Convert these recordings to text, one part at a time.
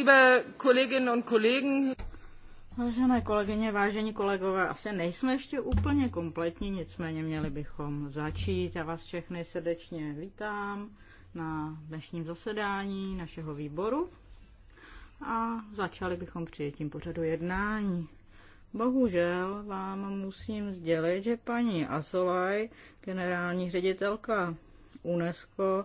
liebe Kolleginnen und Kollegen. Vážené kolegyně, vážení kolegové, asi nejsme ještě úplně kompletní, nicméně měli bychom začít. Já vás všechny srdečně vítám na dnešním zasedání našeho výboru a začali bychom přijetím pořadu jednání. Bohužel vám musím sdělit, že paní Azolaj, generální ředitelka UNESCO,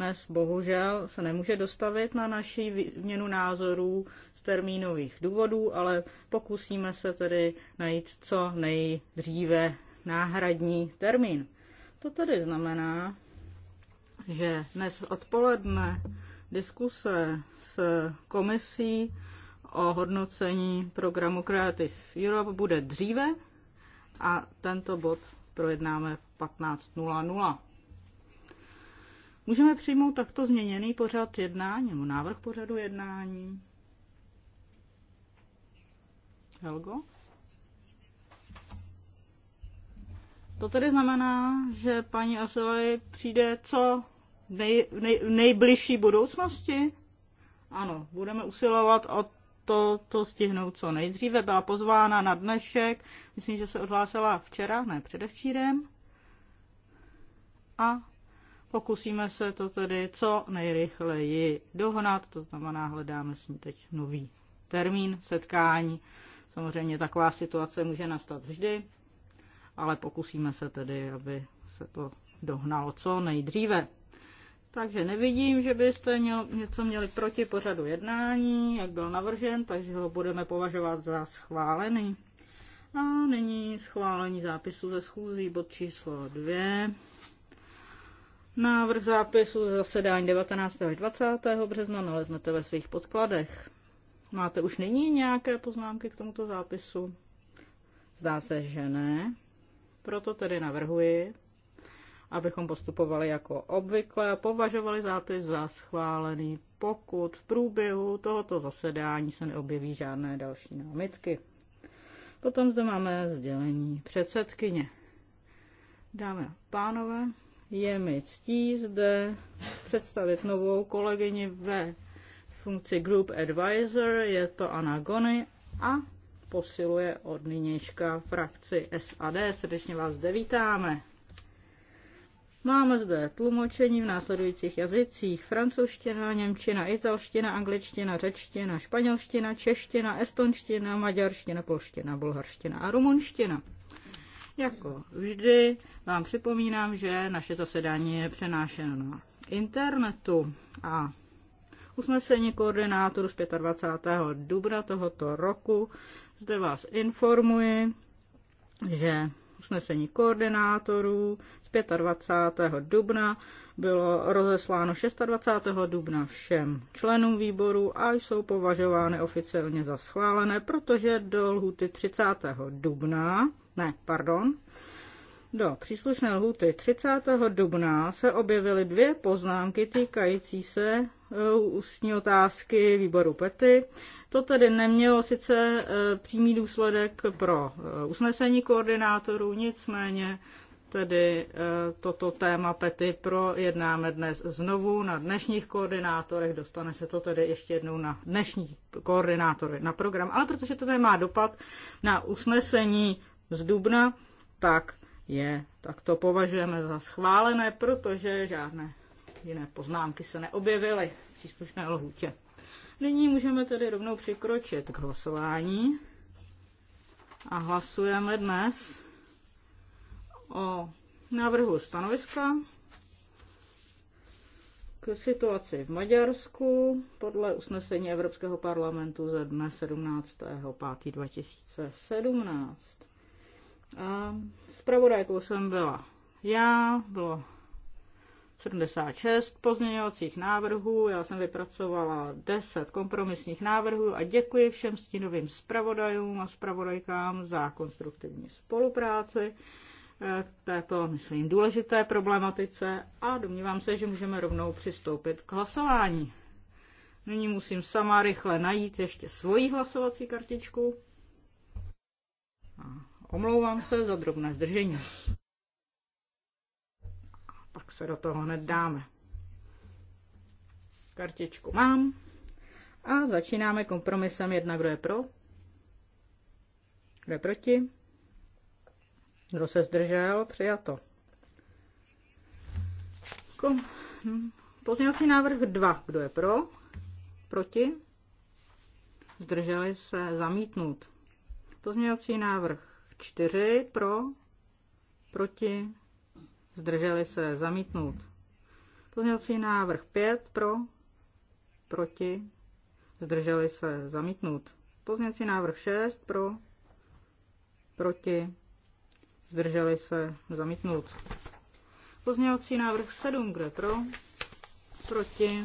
dnes bohužel se nemůže dostavit na naší výměnu názorů z termínových důvodů, ale pokusíme se tedy najít co nejdříve náhradní termín. To tedy znamená, že dnes odpoledne diskuse s komisí o hodnocení programu Creative Europe bude dříve a tento bod projednáme 15.00. Můžeme přijmout takto změněný pořad jednání, nebo návrh pořadu jednání? Helgo? To tedy znamená, že paní Asilaj přijde co nej, nej, nejbližší budoucnosti? Ano, budeme usilovat o to, to stihnout co nejdříve. Byla pozvána na dnešek, myslím, že se odhlásila včera, ne předevčírem. A Pokusíme se to tedy co nejrychleji dohnat, to znamená, hledáme s ní teď nový termín setkání. Samozřejmě taková situace může nastat vždy, ale pokusíme se tedy, aby se to dohnalo co nejdříve. Takže nevidím, že byste měl, něco měli proti pořadu jednání, jak byl navržen, takže ho budeme považovat za schválený. A nyní schválení zápisu ze schůzí bod číslo 2. Návrh zápisu ze zasedání 19. až 20. března naleznete ve svých podkladech. Máte už nyní nějaké poznámky k tomuto zápisu? Zdá se, že ne. Proto tedy navrhuji, abychom postupovali jako obvykle a považovali zápis za schválený, pokud v průběhu tohoto zasedání se neobjeví žádné další námitky. Potom zde máme sdělení předsedkyně. Dámy a pánové, je mi ctí zde představit novou kolegyni ve funkci Group Advisor, je to Anna Gony a posiluje od nynějška frakci SAD. Srdečně vás zde vítáme. Máme zde tlumočení v následujících jazycích. Francouzština, němčina, italština, angličtina, řečtina, španělština, čeština, estonština, maďarština, polština, bulharština a rumunština. Jako vždy vám připomínám, že naše zasedání je přenášeno na internetu a usnesení koordinátoru z 25. dubna tohoto roku. Zde vás informuji, že usnesení koordinátorů z 25. dubna bylo rozesláno 26. dubna všem členům výboru a jsou považovány oficiálně za schválené, protože do lhuty 30. dubna ne, pardon, do příslušné lhuty 30. dubna se objevily dvě poznámky týkající se eh, ústní otázky výboru PETY. To tedy nemělo sice eh, přímý důsledek pro eh, usnesení koordinátorů, nicméně tedy toto téma PETY projednáme dnes znovu na dnešních koordinátorech. Dostane se to tedy ještě jednou na dnešní koordinátory na program, ale protože to nemá dopad na usnesení z dubna, tak je, tak to považujeme za schválené, protože žádné jiné poznámky se neobjevily v příslušné lhůtě. Nyní můžeme tedy rovnou přikročit k hlasování a hlasujeme dnes o návrhu stanoviska k situaci v Maďarsku podle usnesení Evropského parlamentu ze dne 17. 5. 2017. V pravodajkou jsem byla já, bylo 76 pozměňovacích návrhů, já jsem vypracovala 10 kompromisních návrhů a děkuji všem stínovým zpravodajům a zpravodajkám za konstruktivní spolupráci eh, k této, myslím, důležité problematice a domnívám se, že můžeme rovnou přistoupit k hlasování. Nyní musím sama rychle najít ještě svoji hlasovací kartičku. Omlouvám se za drobné zdržení. Pak se do toho hned dáme. Kartičku mám. A začínáme kompromisem jedna, kdo je pro, kdo je proti, kdo se zdržel, přijato. Kom- Pozměňovací návrh 2. Kdo je pro? Proti? Zdrželi se zamítnout. Pozměňovací návrh 4 pro, proti, zdrželi se, zamítnout. Pozměňovací návrh 5 pro, proti, zdrželi se, zamítnout. Pozměňovací návrh 6 pro, proti, zdrželi se, zamítnout. Pozměňovací návrh 7, kde pro, proti,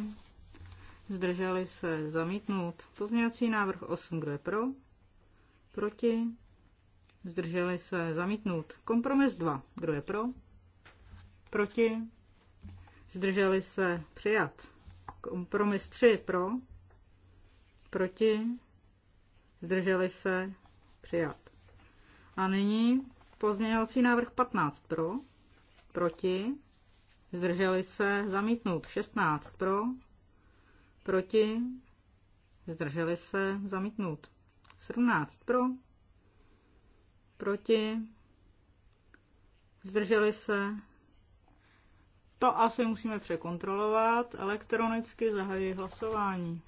zdrželi se, zamítnout. Pozměňovací návrh 8, kde pro, proti, Zdrželi se zamítnout. Kompromis 2. Kdo je pro? Proti? Zdrželi se přijat. Kompromis 3. Pro? Proti? Zdrželi se přijat. A nyní pozměňovací návrh 15 pro, proti, zdrželi se, zamítnout 16 pro, proti, zdrželi se, zamítnout 17 pro, proti, zdrželi se. To asi musíme překontrolovat. Elektronicky zahajuji hlasování.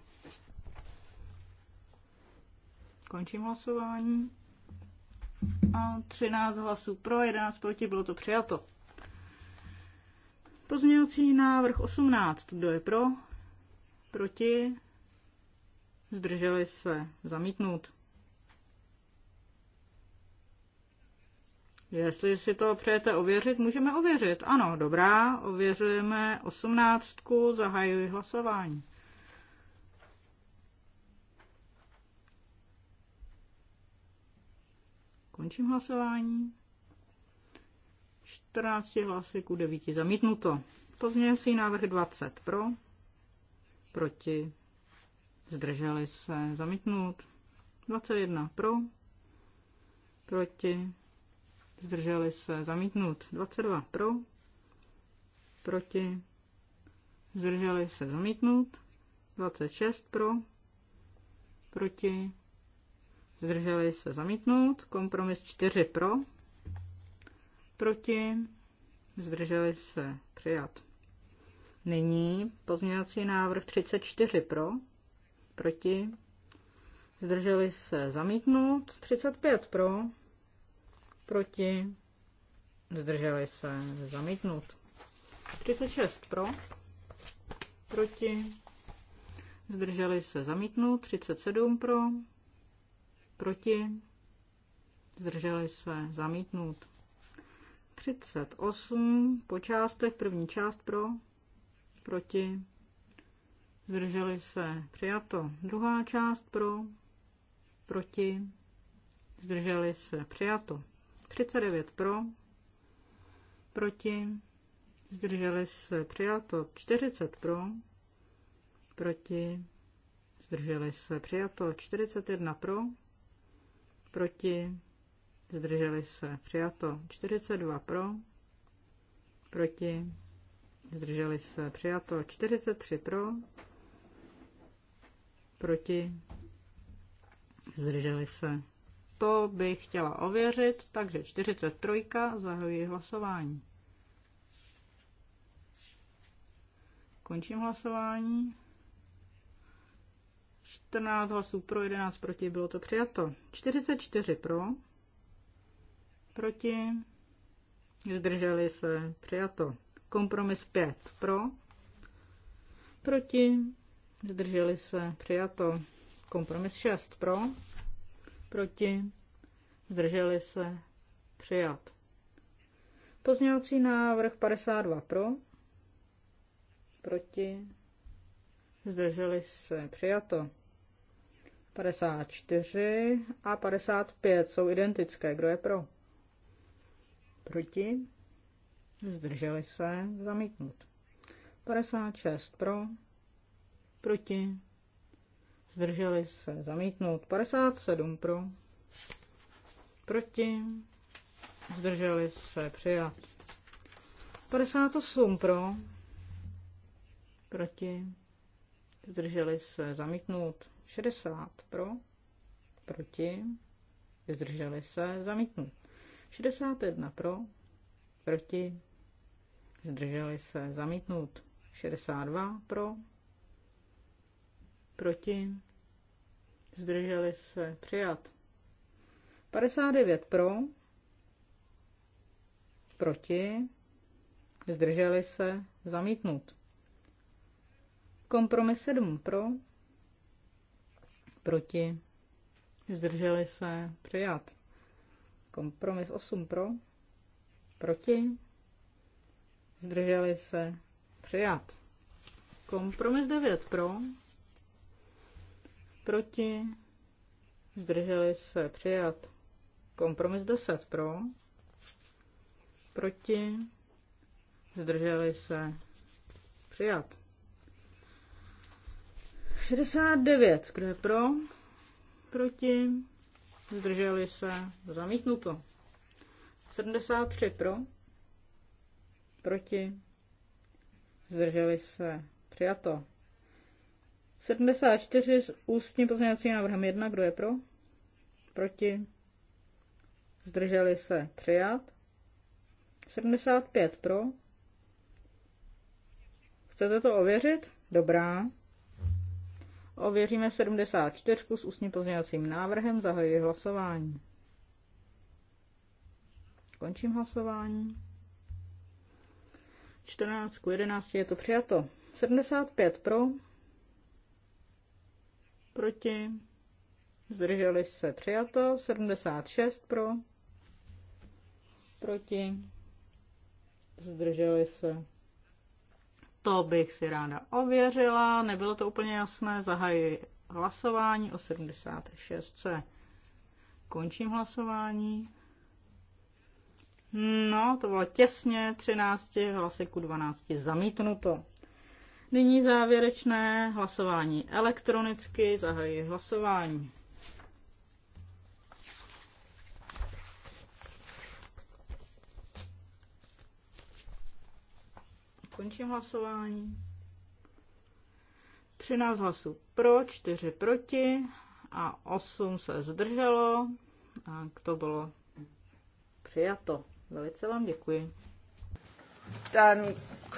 Končím hlasování. A 13 hlasů pro, 11 proti, bylo to přijato. Pozměňovací návrh 18. Kdo je pro? Proti? Zdrželi se. Zamítnout. Jestli si to přejete ověřit, můžeme ověřit. Ano, dobrá, ověřujeme osmnáctku, zahajuji hlasování. Končím hlasování. 14 hlasy ku 9 zamítnuto. Pozměňovací návrh 20 pro, proti, zdrželi se, zamítnut. 21 pro, proti, zdrželi se, zamítnut. 22 pro, proti, zdrželi se, zamítnut. 26 pro, proti, zdrželi se, zamítnut. Kompromis 4 pro, proti, zdrželi se, přijat. Nyní pozměňovací návrh 34 pro, proti, zdrželi se, zamítnout 35 pro, proti, zdrželi se, zamítnut. 36 pro, proti, zdrželi se, zamítnut. 37 pro, proti, zdrželi se, zamítnut. 38 po částech, první část pro, proti, zdrželi se, přijato. Druhá část pro, proti, zdrželi se, přijato. 39 pro, proti, zdrželi se přijato 40 pro, proti, zdrželi se přijato 41 pro, proti, zdrželi se přijato 42 pro, proti, zdrželi se přijato 43 pro, proti, zdrželi se to bych chtěla ověřit, takže 43. zahajuji hlasování. Končím hlasování. 14 hlasů pro, 11 proti, bylo to přijato. 44 pro, proti, zdrželi se, přijato. Kompromis 5 pro, proti, zdrželi se, přijato. Kompromis 6 pro, proti, zdrželi se, přijat. Pozměňovací návrh 52 pro, proti, zdrželi se, přijato. 54 a 55 jsou identické. Kdo je pro? Proti? Zdrželi se, zamítnut. 56 pro, proti, zdrželi se zamítnout 57 pro, proti, zdrželi se přijat 58 pro, proti, zdrželi se zamítnout 60 pro, proti, zdrželi se zamítnout 61 pro, proti, zdrželi se zamítnout 62 pro, proti, zdrželi se, přijat. 59 pro, proti, zdrželi se, zamítnut. Kompromis 7 pro, proti, zdrželi se, přijat. Kompromis 8 pro, proti, zdrželi se, přijat. Kompromis 9 pro, proti, zdrželi se přijat. Kompromis 10 pro, proti, zdrželi se přijat. 69, kdo je pro, proti, zdrželi se zamítnuto. 73 pro, proti, zdrželi se přijato. 74 s ústním pozměňovacím návrhem 1. Kdo je pro? Proti? Zdrželi se přijat. 75 pro. Chcete to ověřit? Dobrá. Ověříme 74 s ústním pozměňovacím návrhem. Zahajuji hlasování. Končím hlasování. 14 k 11 je to přijato. 75 pro, proti, zdrželi se přijato, 76 pro, proti, zdrželi se. To bych si ráda ověřila, nebylo to úplně jasné, zahajuji hlasování o 76. Končím hlasování. No, to bylo těsně, 13 hlasy ku 12 zamítnuto. Nyní závěrečné hlasování elektronicky. Zahajuji hlasování. Končím hlasování. 13 hlasů pro, 4 proti a 8 se zdrželo. A to bylo přijato. Velice vám děkuji. Dann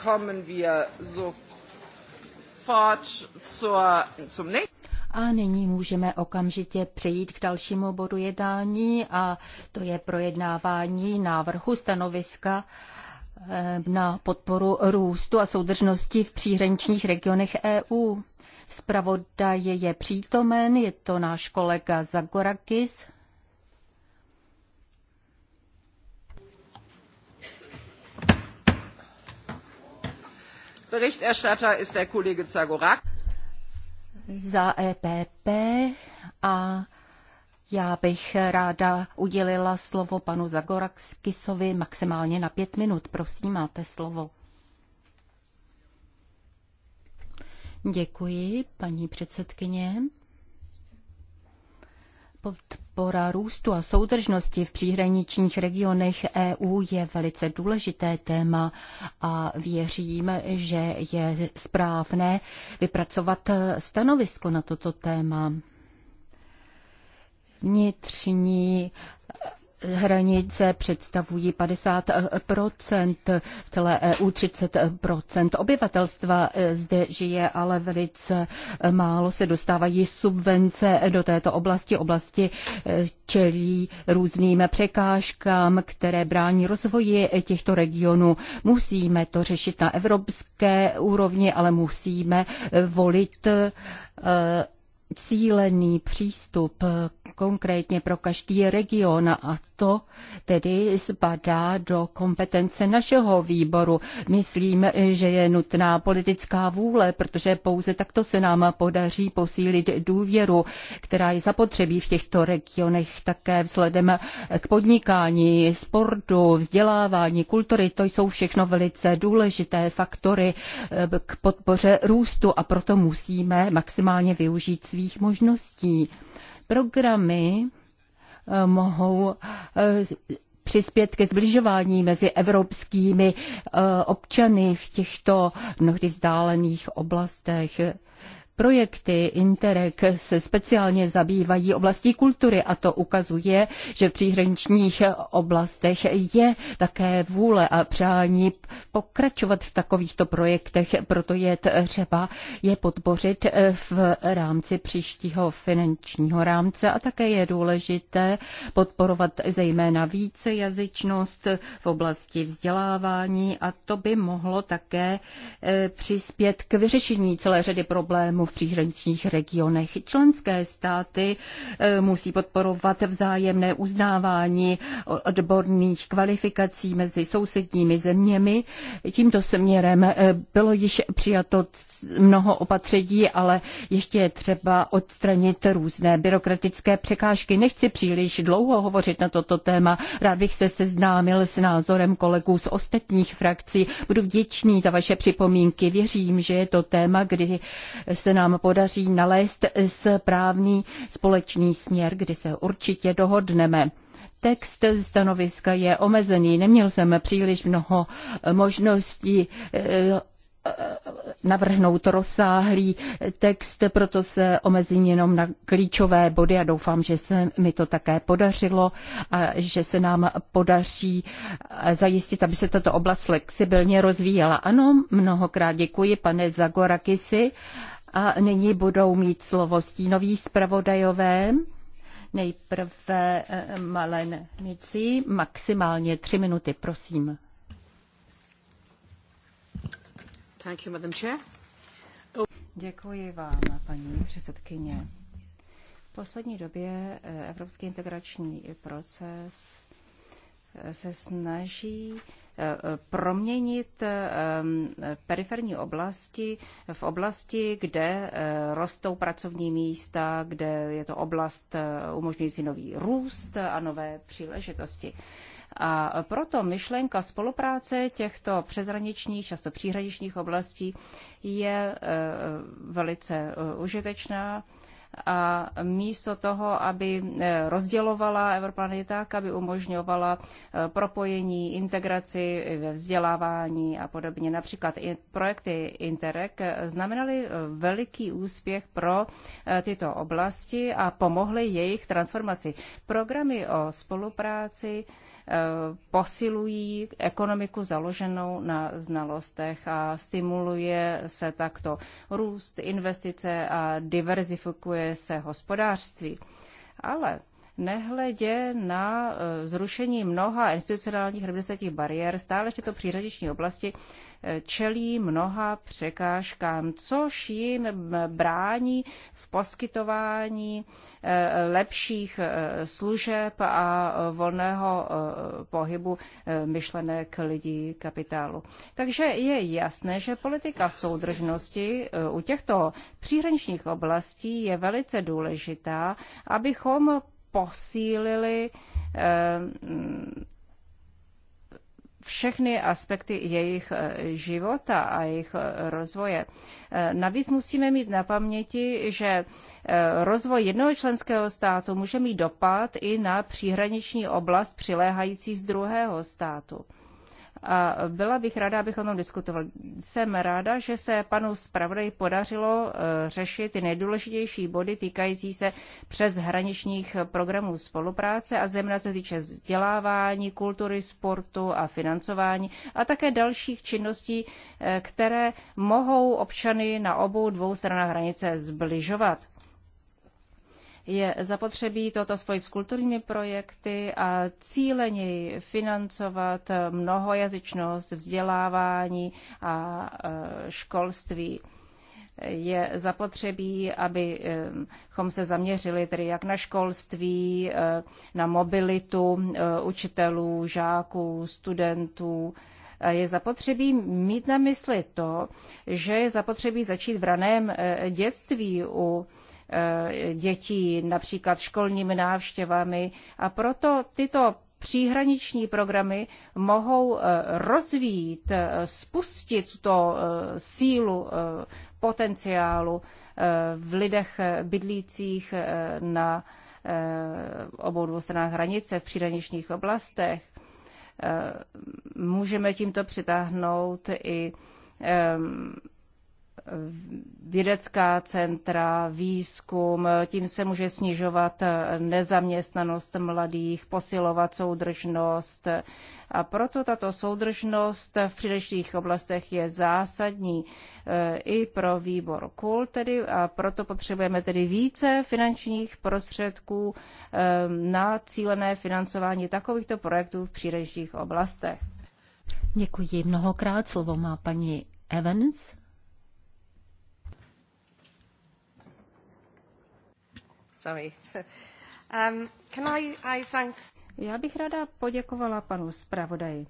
kommen wir sofort a nyní můžeme okamžitě přejít k dalšímu bodu jednání a to je projednávání návrhu stanoviska eh, na podporu růstu a soudržnosti v příhraničních regionech EU. Zpravodaj je přítomen, je to náš kolega Zagorakis. Berichterstatter ist der Kollege Zagorak. Za EPP a já bych ráda udělila slovo panu Zagorakskisovi maximálně na pět minut. Prosím, máte slovo. Děkuji, paní předsedkyně. Podpora růstu a soudržnosti v příhraničních regionech EU je velice důležité téma a věřím, že je správné vypracovat stanovisko na toto téma. Vnitřní hranice představují 50 celé EU 30 obyvatelstva e, zde žije, ale velice e, málo se dostávají subvence do této oblasti. Oblasti e, čelí různým překážkám, které brání rozvoji těchto regionů. Musíme to řešit na evropské úrovni, ale musíme volit cílený přístup konkrétně pro každý region a to tedy spadá do kompetence našeho výboru. Myslím, že je nutná politická vůle, protože pouze takto se nám podaří posílit důvěru, která je zapotřebí v těchto regionech také vzhledem k podnikání, sportu, vzdělávání, kultury. To jsou všechno velice důležité faktory eh, k podpoře růstu a proto musíme maximálně využít svých možností. Programy mohou eh, přispět ke zbližování mezi evropskými eh, občany v těchto mnohdy vzdálených oblastech projekty Interreg se speciálně zabývají oblastí kultury a to ukazuje, že v příhraničních oblastech je také vůle a přání pokračovat v takovýchto projektech, proto je třeba je podpořit v rámci příštího finančního rámce a také je důležité podporovat zejména vícejazyčnost v oblasti vzdělávání a to by mohlo také eh, přispět k vyřešení celé řady problémů v příhraničních regionech. Členské státy eh, musí podporovat vzájemné uznávání odborných kvalifikací mezi sousedními zeměmi. Tímto směrem eh, bylo již přijato mnoho opatření, ale ještě je třeba odstranit různé byrokratické překážky. Nechci příliš dlouho hovořit na toto téma. Rád bych se seznámil s názorem kolegů z ostatních frakcí. Budu vděčný za vaše připomínky. Věřím, že je to téma, kdy se nám podaří nalézt správný společný směr, kdy se určitě dohodneme. Text stanoviska je omezený, neměl jsem příliš mnoho možností eh, eh, navrhnout rozsáhlý text, proto se omezím jenom na klíčové body a doufám, že se mi to také podařilo a že se nám podaří eh, zajistit, aby se tato oblast flexibilně rozvíjela. Ano, mnohokrát děkuji, pane Zagorakisi. A nyní budou mít slovo stínoví zpravodajové. Nejprve eh, Malen Mici, maximálně tři minuty, prosím. Thank you, Madam Chair. Oh. Děkuji vám, paní předsedkyně. V poslední době eh, evropský integrační proces eh, se snaží proměnit ehm, periferní oblasti v oblasti, kde eh, rostou pracovní místa, kde je to oblast eh, umožňující nový růst a nové příležitosti. A proto myšlenka spolupráce těchto přezraničních, často příhraničních oblastí je eh, velice užitečná a místo toho, aby eh, rozdělovala Evropany tak, aby umožňovala eh, propojení, integraci ve vzdělávání a podobně. Například i projekty Interreg eh, znamenaly veliký úspěch pro tyto oblasti a pomohly jejich transformaci. Programy o spolupráci Eh, posilují ekonomiku založenou na znalostech a stimuluje se takto růst, investice a diverzifikuje se hospodářství. Ale Nehledě na eh, zrušení mnoha institucionálních reprezentativních bariér, stále ještě to přířadiční oblasti eh, čelí mnoha překážkám, což jim eh, brání v poskytování lepších služeb a volného pohybu myšlenek lidí kapitálu. Takže je jasné, že politika soudržnosti u těchto příhraničních oblastí je velice důležitá, abychom posílili eh, všechny aspekty jejich eh, života a jejich eh, rozvoje. Navíc musíme mít na paměti, že rozvoj jednoho členského státu může mít dopad i na příhraniční oblast přiléhající z druhého státu. A byla bych ráda, abych o tom diskutoval. Jsem ráda, že se panu zpravodaji podařilo e, řešit ty nejdůležitější body týkající se přeshraničních programů spolupráce a zejména co týče vzdělávání, kultury, sportu a financování a také dalších činností, e, které mohou občany na obou dvou stranách hranice zbližovat. Je zapotřebí toto spojit s kulturními projekty a cíleněji financovat mnohojazyčnost, vzdělávání a e, školství je zapotřebí, abychom e, se zaměřili tedy jak na školství, e, na mobilitu učitelů, žáků, studentů. Je zapotřebí mít na mysli to, že je zapotřebí začít v raném dětství u Eh, dětí, například školními návštěvami. A proto tyto příhraniční programy mohou eh, rozvíjet, eh, spustit tuto sílu potenciálu v lidech bydlících na obou dvou stranách hranice v příhraničních oblastech. Můžeme tímto přitáhnout i vědecká centra, výzkum, tím se může snižovat nezaměstnanost mladých, posilovat soudržnost. A proto tato soudržnost v příležitých oblastech je zásadní eh, i pro výbor KUL, tedy a proto potřebujeme tedy více finančních prostředků eh, na cílené financování takovýchto projektů v příležitých oblastech. Děkuji mnohokrát. Slovo má paní Evans. Sorry. Um, can I, I thank... Já bych ráda poděkovala panu zpravodaji,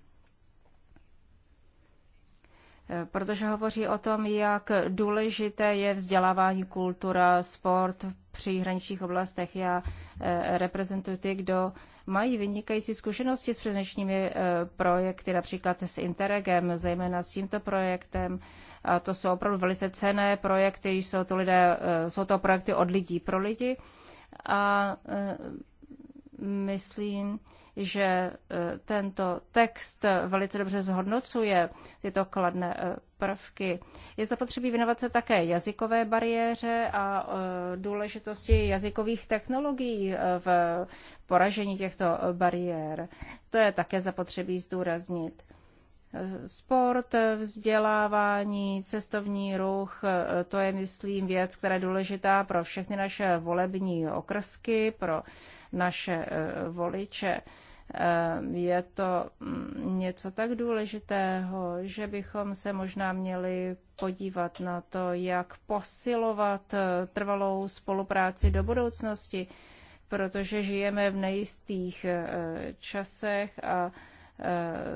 protože hovoří o tom, jak důležité je vzdělávání, kultura, sport v příhraničních oblastech. Já eh, reprezentuji ty, kdo mají vynikající zkušenosti s přesnečními eh, projekty, například s Interregem, zejména s tímto projektem. A to jsou opravdu velice cené projekty, jsou to, lidé, eh, jsou to projekty od lidí pro lidi a e, myslím, že e, tento text velice dobře zhodnocuje tyto kladné e, prvky. Je zapotřebí věnovat se také jazykové bariéře a důležitosti jazykových technologií v poražení těchto bariér. To je také zapotřebí zdůraznit. Sport, vzdělávání, cestovní ruch, to je, myslím, věc, která je důležitá pro všechny naše volební okrsky, pro naše eh, voliče. Eh, je to mm, něco tak důležitého, že bychom se možná měli podívat na to, jak posilovat eh, trvalou spolupráci do budoucnosti, protože žijeme v nejistých časech a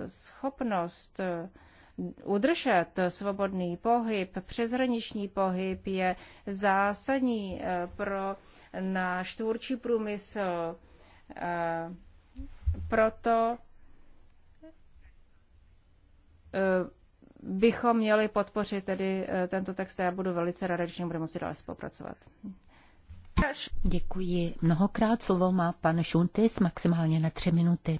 schopnost eh, udržet svobodný pohyb, přeshraniční pohyb je zásadní eh, pro náš tvůrčí průmysl. Eh, proto bychom měli podpořit tedy tento text a já budu velice ráda, když budeme moci dále spolupracovat. Děkuji. Mnohokrát slovo má pan Šuntis, maximálně na tři minuty.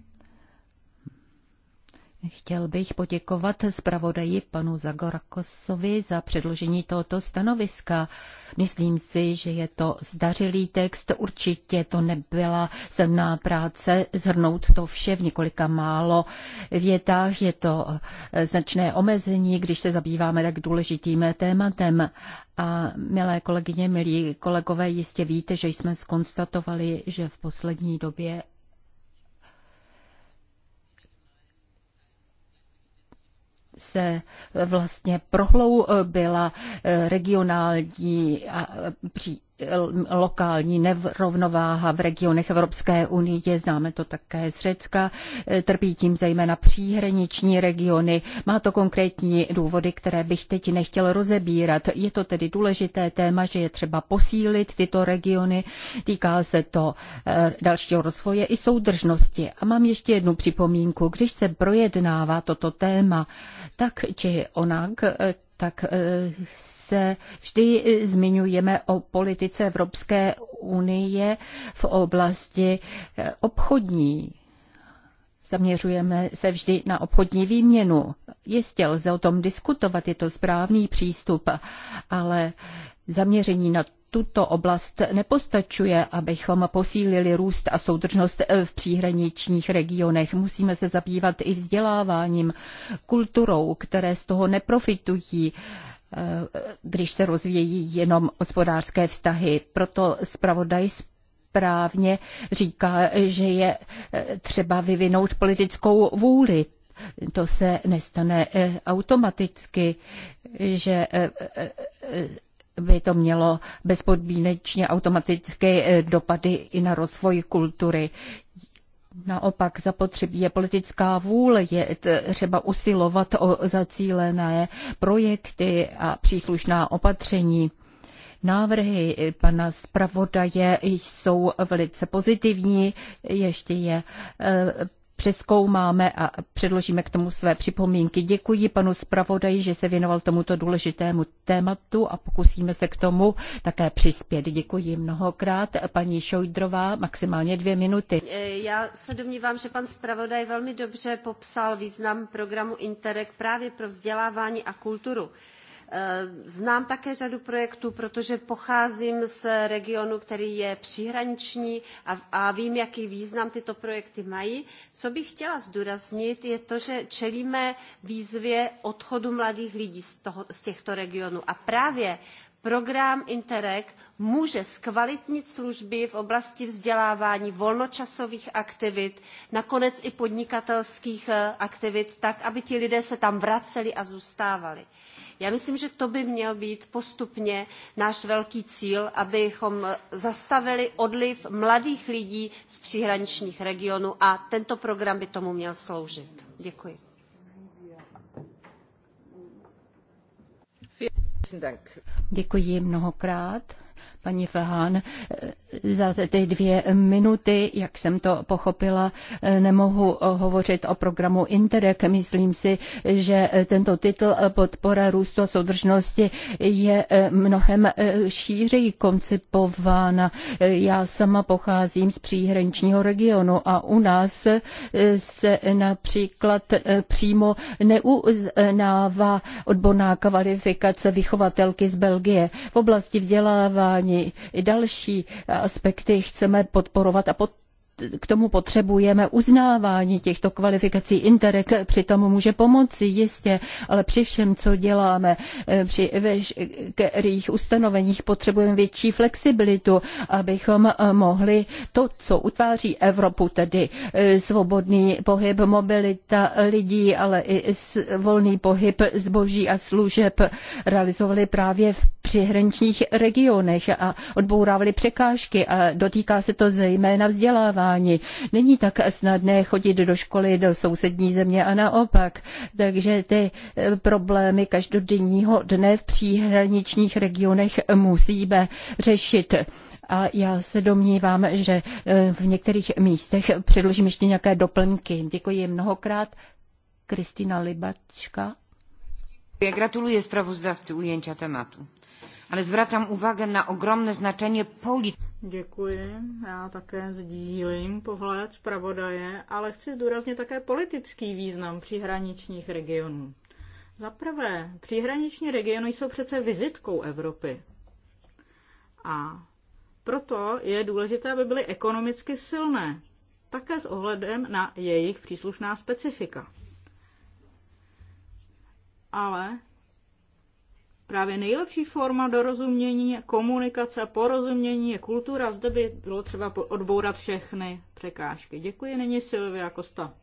Chtěl bych poděkovat zpravodaji panu Zagorakosovi za předložení tohoto stanoviska. Myslím si, že je to zdařilý text, určitě to nebyla sedná práce zhrnout to vše v několika málo větách. Je to značné omezení, když se zabýváme tak důležitým tématem. A milé kolegyně, milí kolegové, jistě víte, že jsme skonstatovali, že v poslední době se vlastně prohloubila eh, eh, regionální a eh, lokální nerovnováha v regionech Evropské unie, známe to také z Řecka, e, trpí tím zejména příhraniční regiony. Má to konkrétní důvody, které bych teď nechtěl rozebírat. Je to tedy důležité téma, že je třeba posílit tyto regiony. Týká se to e, dalšího rozvoje i soudržnosti. A mám ještě jednu připomínku. Když se projednává toto téma, tak či onak e, tak eh, se vždy eh, zmiňujeme o politice Evropské unie v oblasti eh, obchodní. Zaměřujeme se vždy na obchodní výměnu. Jistě lze o tom diskutovat, je to správný přístup, ale zaměření na tuto oblast nepostačuje, abychom posílili růst a soudržnost v příhraničních regionech. Musíme se zabývat i vzděláváním, kulturou, které z toho neprofitují eh, když se rozvíjí jenom hospodářské vztahy. Proto zpravodaj správně říká, že je eh, třeba vyvinout politickou vůli. To se nestane eh, automaticky, že by to mělo bezpodmínečně automatické eh, dopady i na rozvoj kultury. Naopak zapotřebí je politická vůle, je třeba usilovat o zacílené projekty a příslušná opatření. Návrhy eh, pana zpravodaje jsou velice pozitivní, ještě je eh, přeskoumáme a předložíme k tomu své připomínky. Děkuji panu zpravodaji, že se věnoval tomuto důležitému tématu a pokusíme se k tomu také přispět. Děkuji mnohokrát. Paní Šojdrová, maximálně dvě minuty. Eh, já se domnívám, že pan zpravodaj velmi dobře popsal význam programu Interreg právě pro vzdělávání a kulturu Eh, znám také řadu projektů, protože pocházím z regionu, který je příhraniční a, a vím, jaký význam tyto projekty mají. Co bych chtěla zdůraznit, je to, že čelíme výzvě odchodu mladých lidí z, toho, z těchto regionů. A právě program Interreg může zkvalitnit služby v oblasti vzdělávání, volnočasových aktivit, nakonec i podnikatelských eh, aktivit, tak, aby ti lidé se tam vraceli a zůstávali. Já myslím, že to by měl být postupně náš velký cíl, abychom eh, zastavili odliv mladých lidí z příhraničních regionů a tento program by tomu měl sloužit. Děkuji. Dank. Děkuji mnohokrát. Paní Fehán, za ty dvě minuty, jak jsem to pochopila, eh, nemohu eh, hovořit o programu Interreg. Myslím si, že eh, tento titul podpora růstu a soudržnosti je mnohem šířej koncipována. Já sama pocházím z příhraničního regionu a u nás se například přímo neuznává odborná kvalifikace vychovatelky z Belgie v oblasti vzdělávání další aspekty chceme podporovat a pod k tomu potřebujeme uznávání těchto kvalifikací. Interreg přitom může pomoci, jistě, ale při všem, co děláme, eh, při veškerých ustanoveních potřebujeme větší flexibilitu, abychom eh, mohli to, co utváří Evropu, tedy eh, svobodný pohyb, mobilita lidí, ale i volný pohyb zboží a služeb, realizovali právě v přihraničních regionech a odbourávali překážky a dotýká se to zejména vzdělávání vzdělávání. Není tak snadné chodit do školy do sousední země a naopak. Takže ty eh, problémy každodenního dne v příhraničních regionech musíme řešit a já se domnívám, že eh, v některých místech předložím ještě nějaké doplňky. Děkuji mnohokrát. Kristina Libačka. Gratuluję sprawozdawcy ujęcia tematu, ale zwracam uwagę na ogromne znaczenie polityki. Děkuji. Já také sdílím pohled zpravodaje, ale chci zdůraznit také politický význam příhraničních regionů. Za prvé, příhraniční regiony jsou přece vizitkou Evropy. A proto je důležité, aby byly ekonomicky silné, také s ohledem na jejich příslušná specifika. Ale Právě nejlepší forma dorozumění, komunikace, porozumění je kultura. Zde by bylo třeba odbourat všechny překážky. Děkuji, nyní Silvia Kosta.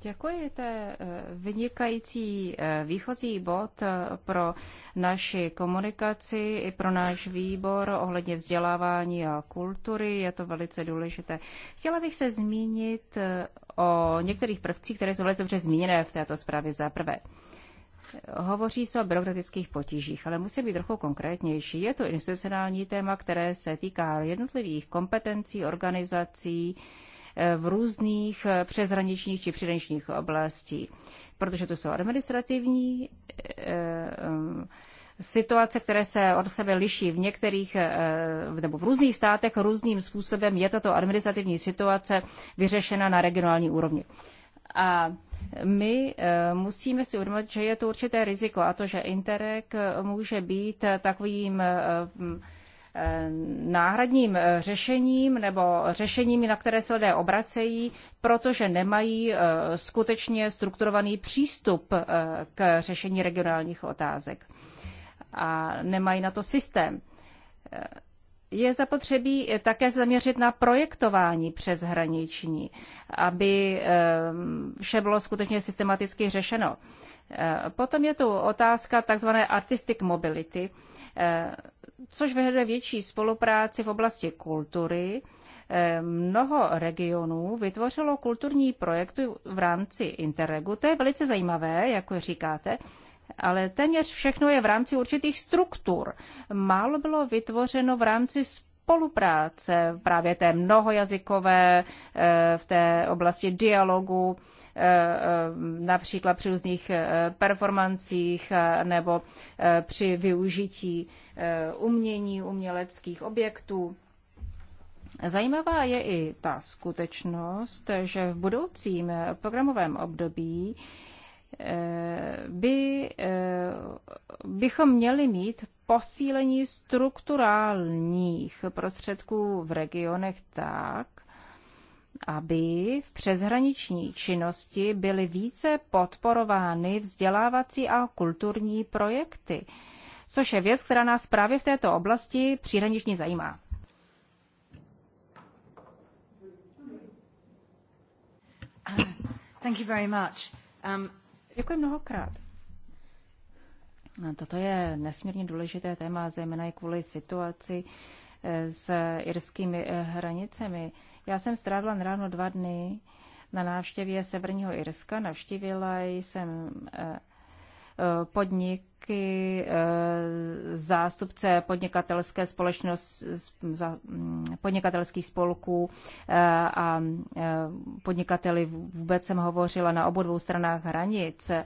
Děkuji, to je eh, vynikající eh, výchozí bod eh, pro naši komunikaci i pro náš výbor ohledně vzdělávání a kultury. Je to velice důležité. Chtěla bych se zmínit o některých prvcích, které jsou velice dobře zmíněné v této zprávě za prvé. Hovoří se o byrokratických potížích, ale musí být trochu konkrétnější. Je to institucionální téma, které se týká jednotlivých kompetencí, organizací, eh, v různých eh, přeshraničních či přidaničních oblastí, protože to jsou administrativní eh, situace, které se od sebe liší v některých nebo v různých státech různým způsobem je tato administrativní situace vyřešena na regionální úrovni. A my eh, musíme si uvědomit, že je to určité riziko a to, že Interreg eh, může být eh, takovým mm, náhradním řešením nebo řešeními, na které se lidé obracejí, protože nemají skutečně strukturovaný přístup k řešení regionálních otázek a nemají na to systém je zapotřebí také zaměřit na projektování přeshraniční, aby ehm, vše bylo skutečně systematicky řešeno. Eh, potom je tu otázka tzv. artistic mobility, eh, což vyhleduje větší spolupráci v oblasti kultury. Eh, mnoho regionů vytvořilo kulturní projekty v rámci Interregu. To je velice zajímavé, jak říkáte, ale téměř všechno je v rámci určitých struktur. Málo bylo vytvořeno v rámci spolupráce právě té mnohojazykové, eh, v té oblasti dialogu, eh, eh, například při různých performancích nebo při využití umění, uměleckých objektů. Zajímavá je i ta skutečnost, že v budoucím programovém období Eh, by, eh, bychom měli mít posílení strukturálních prostředků v regionech tak, aby v přeshraniční činnosti byly více podporovány vzdělávací a kulturní projekty, což je věc, která nás právě v této oblasti příhraničně zajímá. Thank you very much. Um... Děkuji mnohokrát. Toto je nesmírně důležité téma, zejména i kvůli situaci eh, s irskými eh, hranicemi. Já jsem strávila ráno dva dny na návštěvě Severního Irska. Navštívila jsem eh, Eh, podniky, eh, zástupce podnikatelské společnosti, mm, podnikatelských spolků eh, a podnikateli vůbec jsem hovořila na obou dvou stranách hranice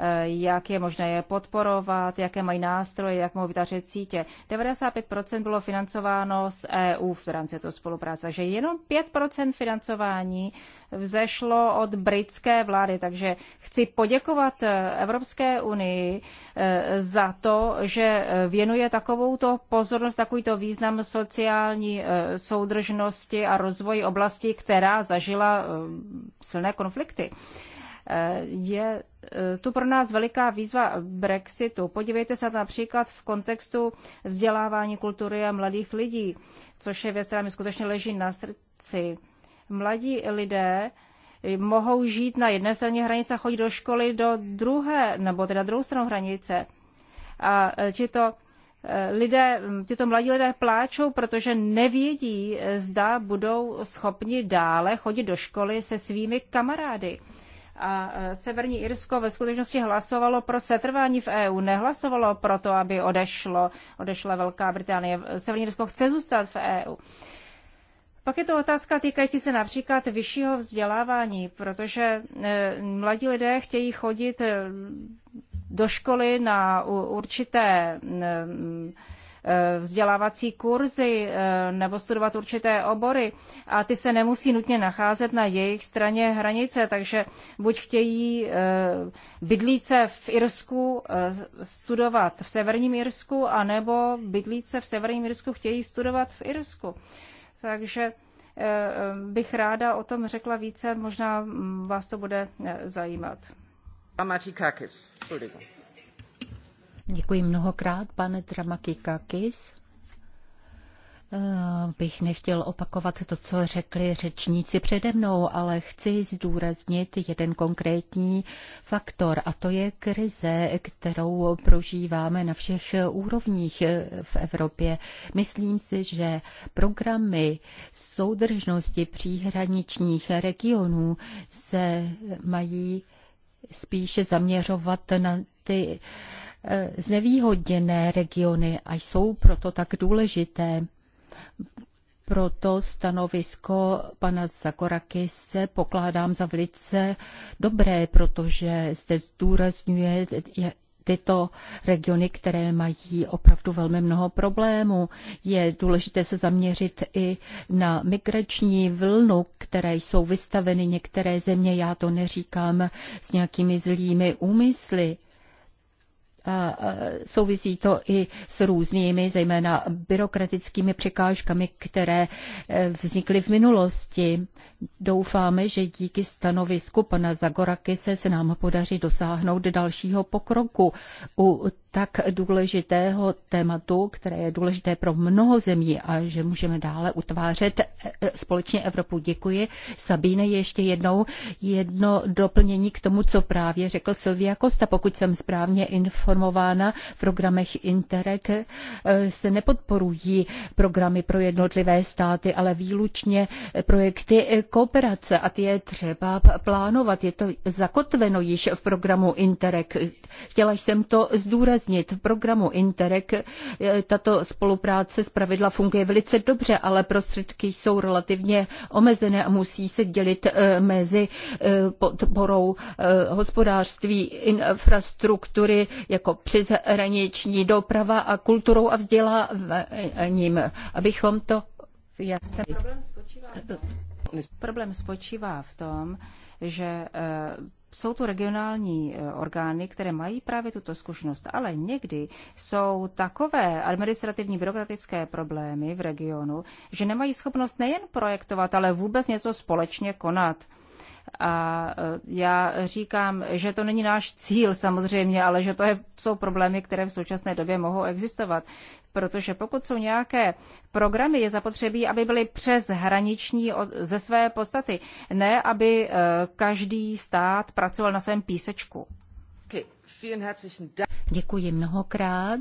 Eh, jak je možné je podporovat, jaké mají nástroje, jak mohou vytvářet sítě. 95% bylo financováno z EU v rámci toho spolupráce, takže jenom 5% financování vzešlo od britské vlády, takže chci poděkovat eh, Evropské unii eh, za to, že věnuje takovou to pozornost, takovýto význam sociální soudržnosti a rozvoji oblasti, která zažila silné konflikty je eh, tu pro nás veliká výzva Brexitu. Podívejte se například v kontextu vzdělávání kultury a mladých lidí, což je věc, která mi skutečně leží na srdci. Mladí lidé eh, mohou žít na jedné straně hranice a chodit do školy do druhé, nebo teda druhou stranu hranice. A eh, tito lidé, mm, tyto mladí lidé pláčou, protože nevědí, zda budou schopni dále chodit do školy se svými kamarády. A e, Severní Irsko ve skutečnosti hlasovalo pro setrvání v EU, nehlasovalo pro to, aby odešlo, odešla Velká Británie. Severní Irsko chce zůstat v EU. Pak je to otázka týkající se například vyššího vzdělávání, protože e, mladí lidé chtějí chodit e, do školy na určité Eh, vzdělávací kurzy eh, nebo studovat určité obory a ty se nemusí nutně nacházet na jejich straně hranice, takže buď chtějí eh, bydlíce v Irsku studovat v severním Irsku, anebo bydlíce v severním Irsku chtějí studovat v Irsku. Takže bych ráda o tom řekla více, možná mm, vás to bude zajímat. Gramatikakis, Entschuldigung. Děkuji mnohokrát, pane Dramakikakis. Eh, bych nechtěl opakovat to, co řekli řečníci přede mnou, ale chci zdůraznit jeden konkrétní faktor, a to je krize, kterou prožíváme na všech úrovních eh, v Evropě. Myslím si, že programy soudržnosti příhraničních regionů se mají spíše zaměřovat na ty Eh, znevýhodněné regiony a jsou proto tak důležité. Proto stanovisko pana Zakorakise pokládám za velice dobré, protože zde zdůrazňuje tyto regiony, které mají opravdu velmi mnoho problémů. Je důležité se zaměřit i na migrační vlnu, které jsou vystaveny některé země. Já to neříkám s nějakými zlými úmysly souvisí to i s různými, zejména byrokratickými překážkami, které e, vznikly v minulosti. Doufáme, že díky stanovisku pana Zagorakise se nám podaří dosáhnout dalšího pokroku u tak důležitého tématu, které je důležité pro mnoho zemí a že můžeme dále utvářet e, e, společně Evropu. Děkuji. Sabíne, ještě jednou jedno doplnění k tomu, co právě řekl Silvia Kosta. Pokud jsem správně informována, v programech Interreg e, se nepodporují programy pro jednotlivé státy, ale výlučně projekty kooperace a ty je třeba plánovat. Je to zakotveno již v programu Interreg. Chtěla jsem to zdůraznit zdůraznit. V programu Interreg eh, tato spolupráce pravidla funguje velice dobře, ale prostředky jsou relativně omezené a musí se dělit eh, mezi eh, podporou hospodářství, infrastruktury jako přeshraniční doprava a kulturou a vzděláním, abychom to jasně. Problém spočívá v tom, že jsou tu regionální e, orgány, které mají právě tuto zkušenost, ale někdy jsou takové administrativní byrokratické problémy v regionu, že nemají schopnost nejen projektovat, ale vůbec něco společně konat. A e, já říkám, že to není náš cíl samozřejmě, ale že to je, jsou problémy, které v současné době mohou existovat. Protože pokud jsou nějaké programy, je zapotřebí, aby byly přeshraniční ze své podstaty, ne aby e, každý stát pracoval na svém písečku. Děkuji mnohokrát.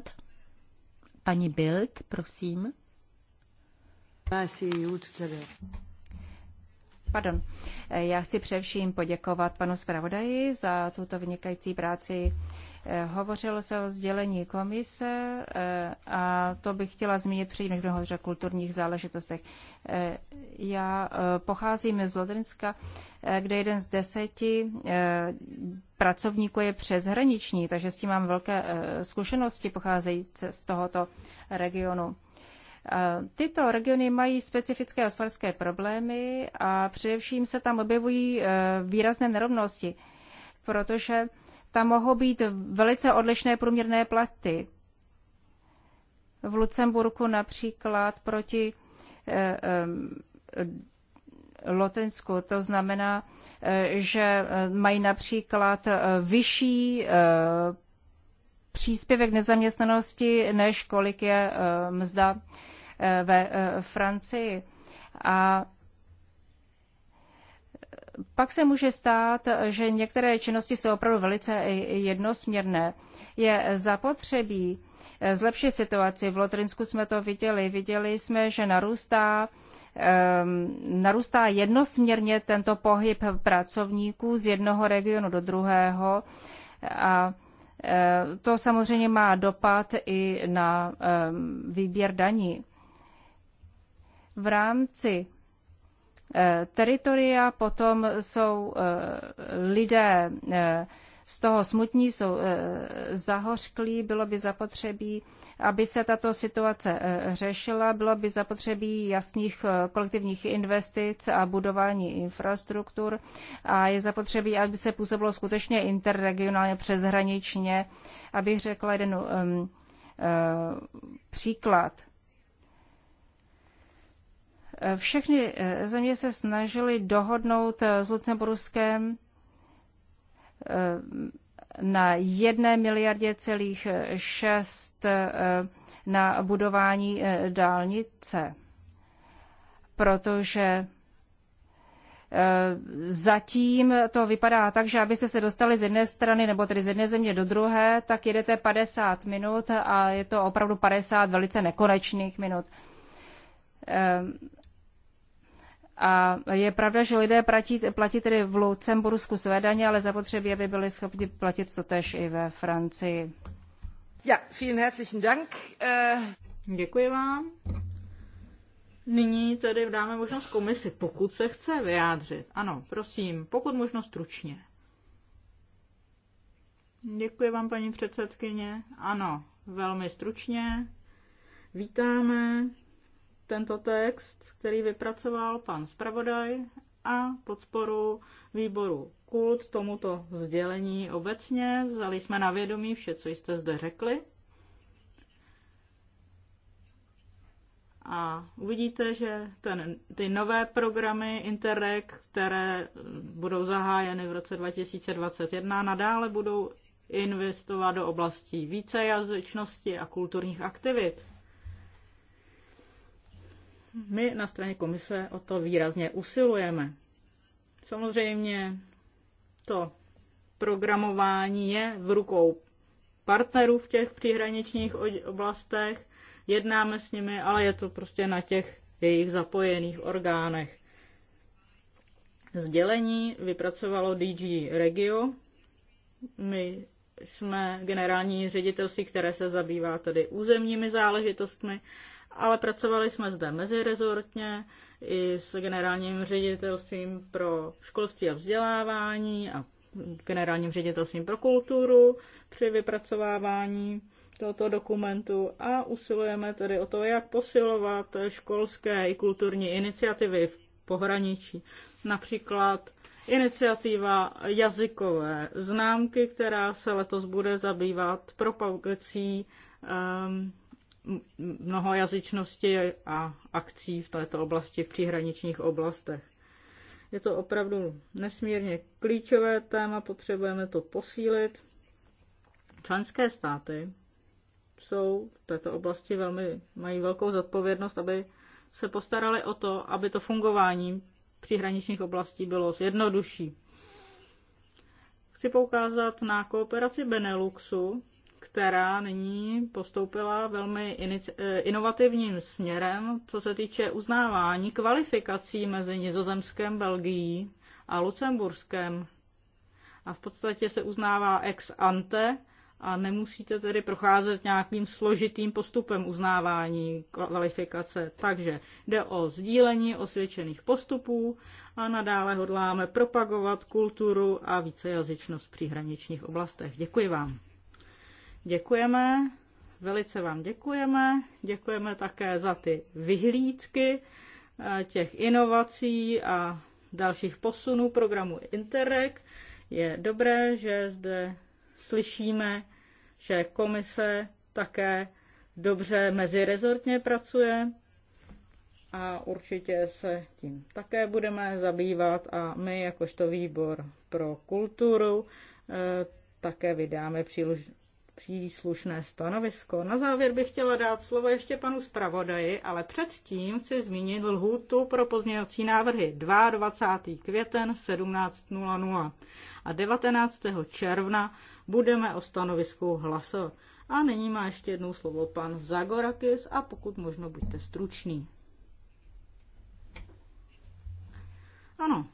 Paní Bild, prosím. Pardon. Eh, já chci především poděkovat panu zpravodaji za tuto vynikající práci. Eh, Hovořilo se o sdělení komise eh, a to bych chtěla zmínit při než o kulturních záležitostech. Já pocházím z Lodrinska, kde jeden z deseti pracovníků je přeshraniční, takže s tím mám velké zkušenosti pocházející z tohoto regionu. Tyto regiony mají specifické hospodářské problémy a především se tam objevují e, výrazné nerovnosti, protože tam mohou být velice odlišné průměrné platy. V Lucemburku například proti e, e, Lotensku. To znamená, že mají například vyšší příspěvek nezaměstnanosti, než kolik je eh, mzda eh, ve eh, Francii. A pak se může stát, že některé činnosti jsou opravdu velice jednosměrné. Je zapotřebí zlepšit situaci. V Lotrinsku jsme to viděli. Viděli jsme, že narůstá, ehm, narůstá jednosměrně tento pohyb pracovníků z jednoho regionu do druhého. A Eh, to samozřejmě má dopad i na eh, výběr daní. V rámci eh, teritoria potom jsou lidé z toho smutní, jsou eh, zahořklí, bylo by zapotřebí, aby se tato situace eh, řešila, bylo by zapotřebí jasných eh, kolektivních investic a budování infrastruktur a je zapotřebí, aby se působilo skutečně interregionálně, přeshraničně, abych řekla jeden um, e, příklad. Všechny země se snažily dohodnout s Lucemburskem Eh, na 1 miliardě celých 6 eh, eh, na budování dálnice, protože Zatím to vypadá tak, že abyste se dostali z jedné strany nebo tedy z jedné země do druhé, tak jedete 50 minut a je to opravdu 50 velice nekonečných minut. A je pravda, že lidé platí, platí tedy v Lucembursku své daně, ale zapotřebí, aby byli schopni platit to tež i ve Francii. Ja, vielen herzlichen Dank. Eh, Děkuji vám. Nyní tedy dáme možnost komisi, pokud se chce vyjádřit. Ano, prosím, pokud možno stručně. Děkuji vám, paní předsedkyně. Ano, velmi stručně. Vítáme tento text, který vypracoval pan zpravodaj a podporu výboru kult tomuto sdělení obecně. Vzali jsme na vědomí vše, co jste zde řekli. A uvidíte, že ten, ty nové programy Interreg, které budou zahájeny v roce 2021, nadále budou investovat do oblastí vícejazyčnosti a kulturních aktivit. My na straně komise o to výrazně usilujeme. Samozřejmě to programování je v rukou partnerů v těch příhraničních oblastech, jednáme s nimi, ale je to prostě na těch jejich zapojených orgánech. Sdělení vypracovalo DG Regio. My jsme generální ředitelství, které se zabývá tedy územními záležitostmi ale pracovali jsme zde mezirezortně i s generálním ředitelstvím pro školství a vzdělávání a generálním ředitelstvím pro kulturu při vypracovávání tohoto dokumentu a usilujeme tedy o to, jak posilovat školské i kulturní iniciativy v pohraničí. Například iniciativa jazykové známky, která se letos bude zabývat propagací um, mnohojazyčnosti a akcí v této oblasti v příhraničních oblastech. Je to opravdu nesmírně klíčové téma, potřebujeme to posílit. Členské státy jsou v této oblasti velmi, mají velkou zodpovědnost, aby se postarali o to, aby to fungování příhraničních oblastí bylo jednodušší. Chci poukázat na kooperaci Beneluxu, která nyní postoupila velmi eh, inovativním směrem, co se týče uznávání kvalifikací mezi Nizozemskem, Belgií a Lucemburskem. A v podstatě se uznává ex ante a nemusíte tedy procházet nějakým složitým postupem uznávání kvalifikace. Takže jde o sdílení osvědčených postupů a nadále hodláme propagovat kulturu a vícejazyčnost v příhraničních oblastech. Děkuji vám. Děkujeme, velice vám děkujeme. Děkujeme také za ty vyhlídky eh, těch inovací a dalších posunů programu Interreg. Je dobré, že zde slyšíme, že komise také dobře mezirezortně pracuje a určitě se tím také budeme zabývat a my jakožto výbor pro kulturu eh, také vydáme příležitost příslušné stanovisko. Na závěr bych chtěla dát slovo ještě panu zpravodaji, ale předtím chci zmínit lhůtu pro pozměňovací návrhy 22. květen 17.00 a 19. června budeme o stanovisku hlasovat. A nyní má ještě jednou slovo pan Zagorakis a pokud možno buďte stručný. Ano,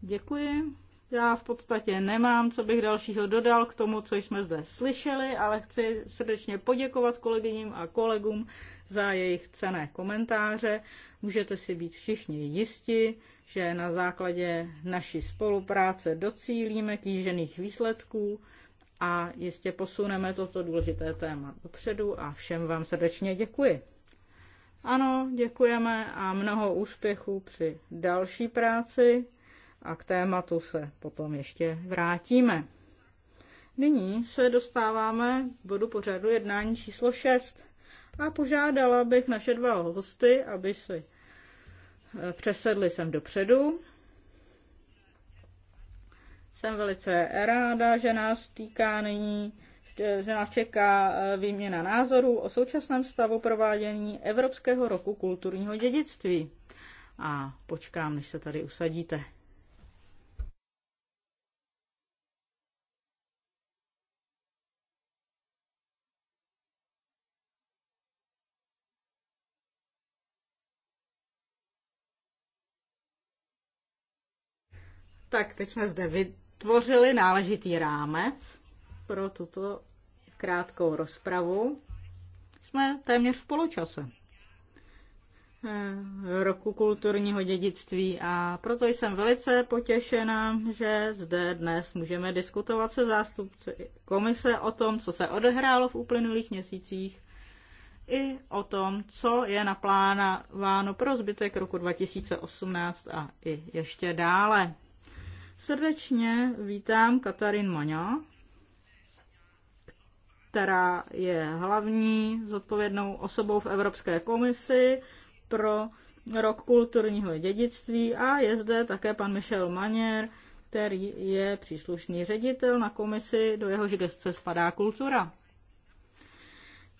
děkuji. Já v podstatě nemám, co bych dalšího dodal k tomu, co jsme zde slyšeli, ale chci srdečně poděkovat kolegyním a kolegům za jejich cené komentáře. Můžete si být všichni jisti, že na základě naší spolupráce docílíme kýžených výsledků a jistě posuneme toto důležité téma dopředu a všem vám srdečně děkuji. Ano, děkujeme a mnoho úspěchů při další práci a k tématu se potom ještě vrátíme. Nyní se dostáváme k bodu pořadu jednání číslo 6 a požádala bych naše dva hosty, aby si eh, přesedli sem dopředu. Jsem velice ráda, že nás týká nyní, že nás čeká eh, výměna názorů o současném stavu provádění Evropského roku kulturního dědictví. A počkám, než se tady usadíte. tak teď jsme zde vytvořili náležitý rámec pro tuto krátkou rozpravu. Jsme téměř v poločase eh, roku kulturního dědictví a proto jsem velice potěšena, že zde dnes můžeme diskutovat se zástupci komise o tom, co se odehrálo v uplynulých měsících i o tom, co je naplánováno pro zbytek roku 2018 a i ještě dále. Srdečně vítám Katarin Maňa, která je hlavní zodpovědnou osobou v Evropské komisi pro rok kulturního dědictví a je zde také pan Michel Maněr, který je příslušný ředitel na komisi, do jehož gestce spadá kultura.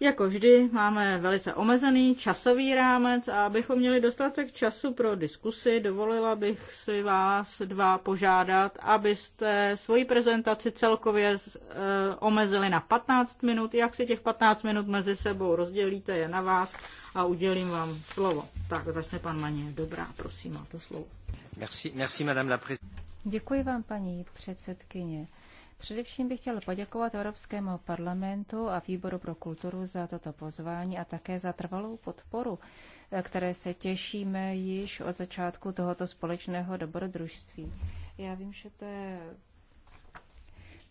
Jako vždy máme velice omezený časový rámec a abychom měli dostatek času pro diskusy, dovolila bych si vás dva požádat, abyste svoji prezentaci celkově eh, omezili na 15 minut. Jak si těch 15 minut mezi sebou rozdělíte, je na vás a udělím vám slovo. Tak začne pan Maně. Dobrá, prosím, máte slovo. Merci, merci, madame la Děkuji vám, paní předsedkyně. Především bych chtěl poděkovat Evropskému parlamentu a Výboru pro kulturu za toto pozvání a také za trvalou podporu, eh, které se těšíme již od začátku tohoto společného dobrodružství. Já vím, že to je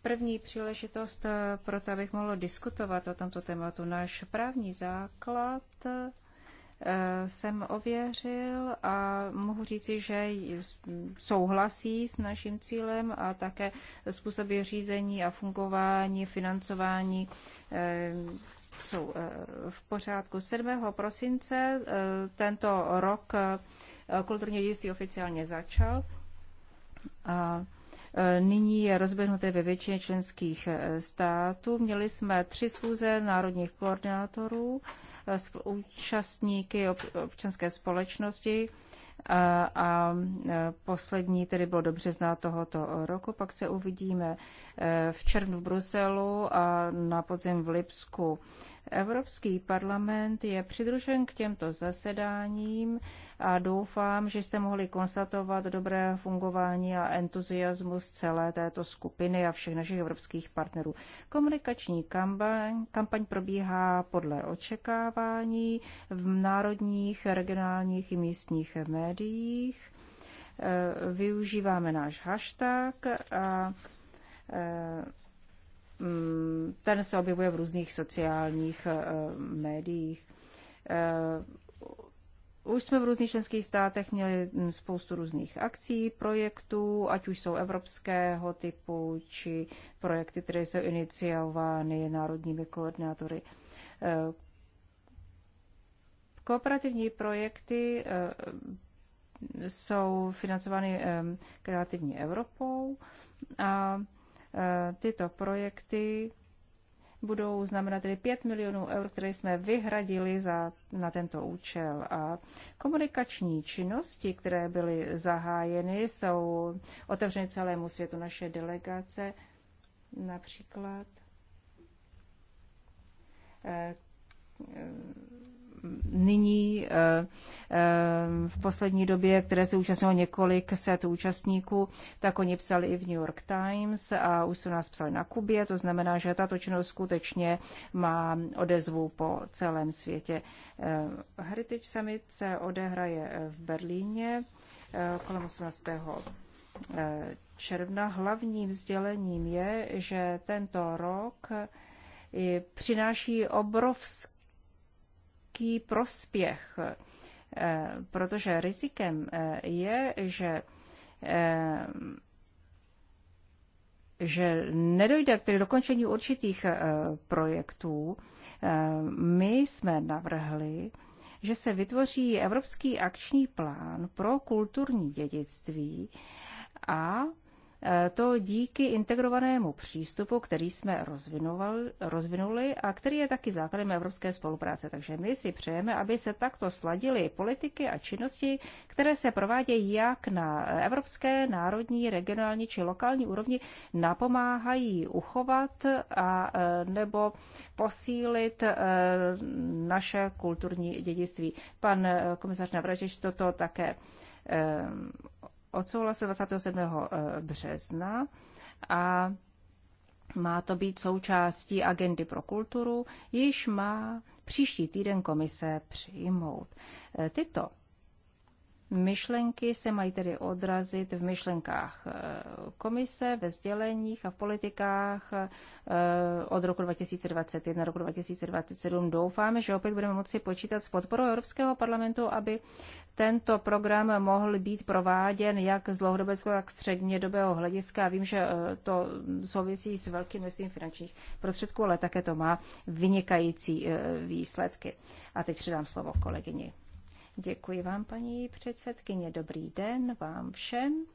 první příležitost eh, pro to, abych mohl diskutovat o tomto tématu. Náš právní základ eh, Eh, jsem ověřil a mohu říci, že souhlasí s naším cílem a také způsoby řízení a fungování, financování eh, jsou eh, v pořádku. 7. prosince tento rok kulturní dědictví oficiálně začal. A nyní je rozběhnuté ve většině členských států. Měli jsme tři schůze národních koordinátorů účastníky občanské společnosti. A, a e, poslední tedy bylo dobře znát tohoto roku. Pak se uvidíme e, v červnu v Bruselu a na podzim v Lipsku. Evropský parlament je přidružen k těmto zasedáním a doufám, že jste mohli konstatovat dobré fungování a entuziasmus celé této skupiny a všech našich evropských partnerů. Komunikační kampaň, kampaň probíhá podle očekávání v národních, regionálních i místních médiích. E, využíváme náš hashtag a e, Mm, ten se objevuje v různých sociálních eh, médiích. Eh, už jsme v různých členských státech měli mm, spoustu různých akcí, projektů, ať už jsou evropského typu, či projekty, které jsou iniciovány národními koordinátory. Eh, kooperativní projekty jsou financovány kreativní Evropou a Eh, tyto projekty budou znamenat tedy 5 milionů eur, které jsme vyhradili za, na tento účel. A komunikační činnosti, které byly zahájeny, jsou otevřeny celému světu naše delegace, například eh, nyní eh, eh, v poslední době, které se účastnilo několik set účastníků, tak oni psali i v New York Times a už se nás psali na Kubě, to znamená, že tato činnost skutečně má odezvu po celém světě. Eh, Heritage Summit se odehraje v Berlíně kolem 18 června. Hlavním sdělením je, že tento rok přináší obrovské velký prospěch, eh, protože rizikem eh, je, že eh, že nedojde k dokončení určitých projektů. My jsme navrhli, že se vytvoří Evropský akční plán pro kulturní dědictví a to díky integrovanému přístupu, který jsme rozvinuli a který je taky základem evropské spolupráce. Takže my si přejeme, aby se takto sladily politiky a činnosti, které se provádějí jak na evropské, národní, regionální či lokální úrovni, napomáhají uchovat a eh, nebo posílit eh, naše kulturní dědictví. Pan eh, komisař Navražič toto také odsouhlasil 27. Eh, března a má to být součástí agendy pro kulturu, již má příští týden komise přijmout. Eh, tyto Myšlenky se mají tedy odrazit v myšlenkách eh, komise, ve sděleních a v politikách eh, od roku 2021 roku 2027. Doufáme, že opět budeme moci počítat s podporou Evropského parlamentu, aby tento program mohl být prováděn jak z dlouhodobého, tak dobého hlediska. Vím, že eh, to souvisí s velkým množstvím finančních prostředků, ale také to má vynikající výsledky. A teď předám slovo kolegyni. Děkuji vám, paní předsedkyně. Dobrý den vám všem.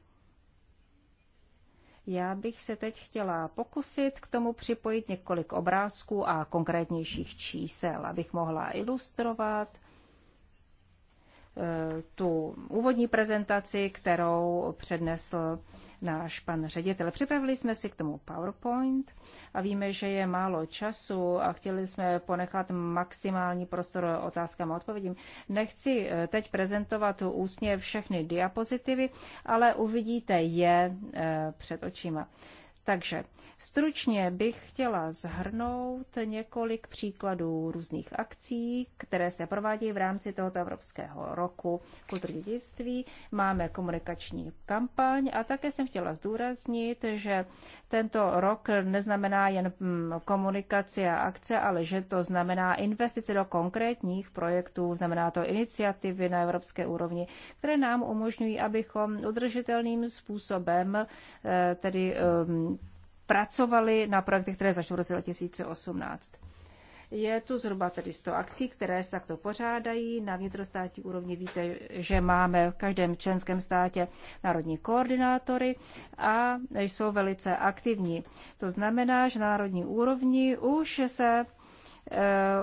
Já bych se teď chtěla pokusit k tomu připojit několik obrázků a konkrétnějších čísel, abych mohla ilustrovat tu úvodní prezentaci, kterou přednesl náš pan ředitel. Připravili jsme si k tomu PowerPoint a víme, že je málo času a chtěli jsme ponechat maximální prostor otázkám a odpovědím. Nechci eh, teď prezentovat ústně všechny diapozitivy, ale uvidíte je eh, před očima. Takže stručně bych chtěla zhrnout několik příkladů různých akcí, které se provádějí v rámci tohoto Evropského roku kulturní dědictví. Máme komunikační kampaň a také jsem chtěla zdůraznit, že tento rok neznamená jen mm, komunikaci a akce, ale že to znamená investice do konkrétních projektů, znamená to iniciativy na evropské úrovni, které nám umožňují, abychom udržitelným způsobem, eh, tedy mm, pracovali na projektech, které začaly v roce 2018. Je tu zhruba tedy 100 akcí, které se takto pořádají. Na vnitrostátní úrovni víte, že máme v každém členském státě národní koordinátory a jsou velice aktivní. To znamená, že na národní úrovni už se e,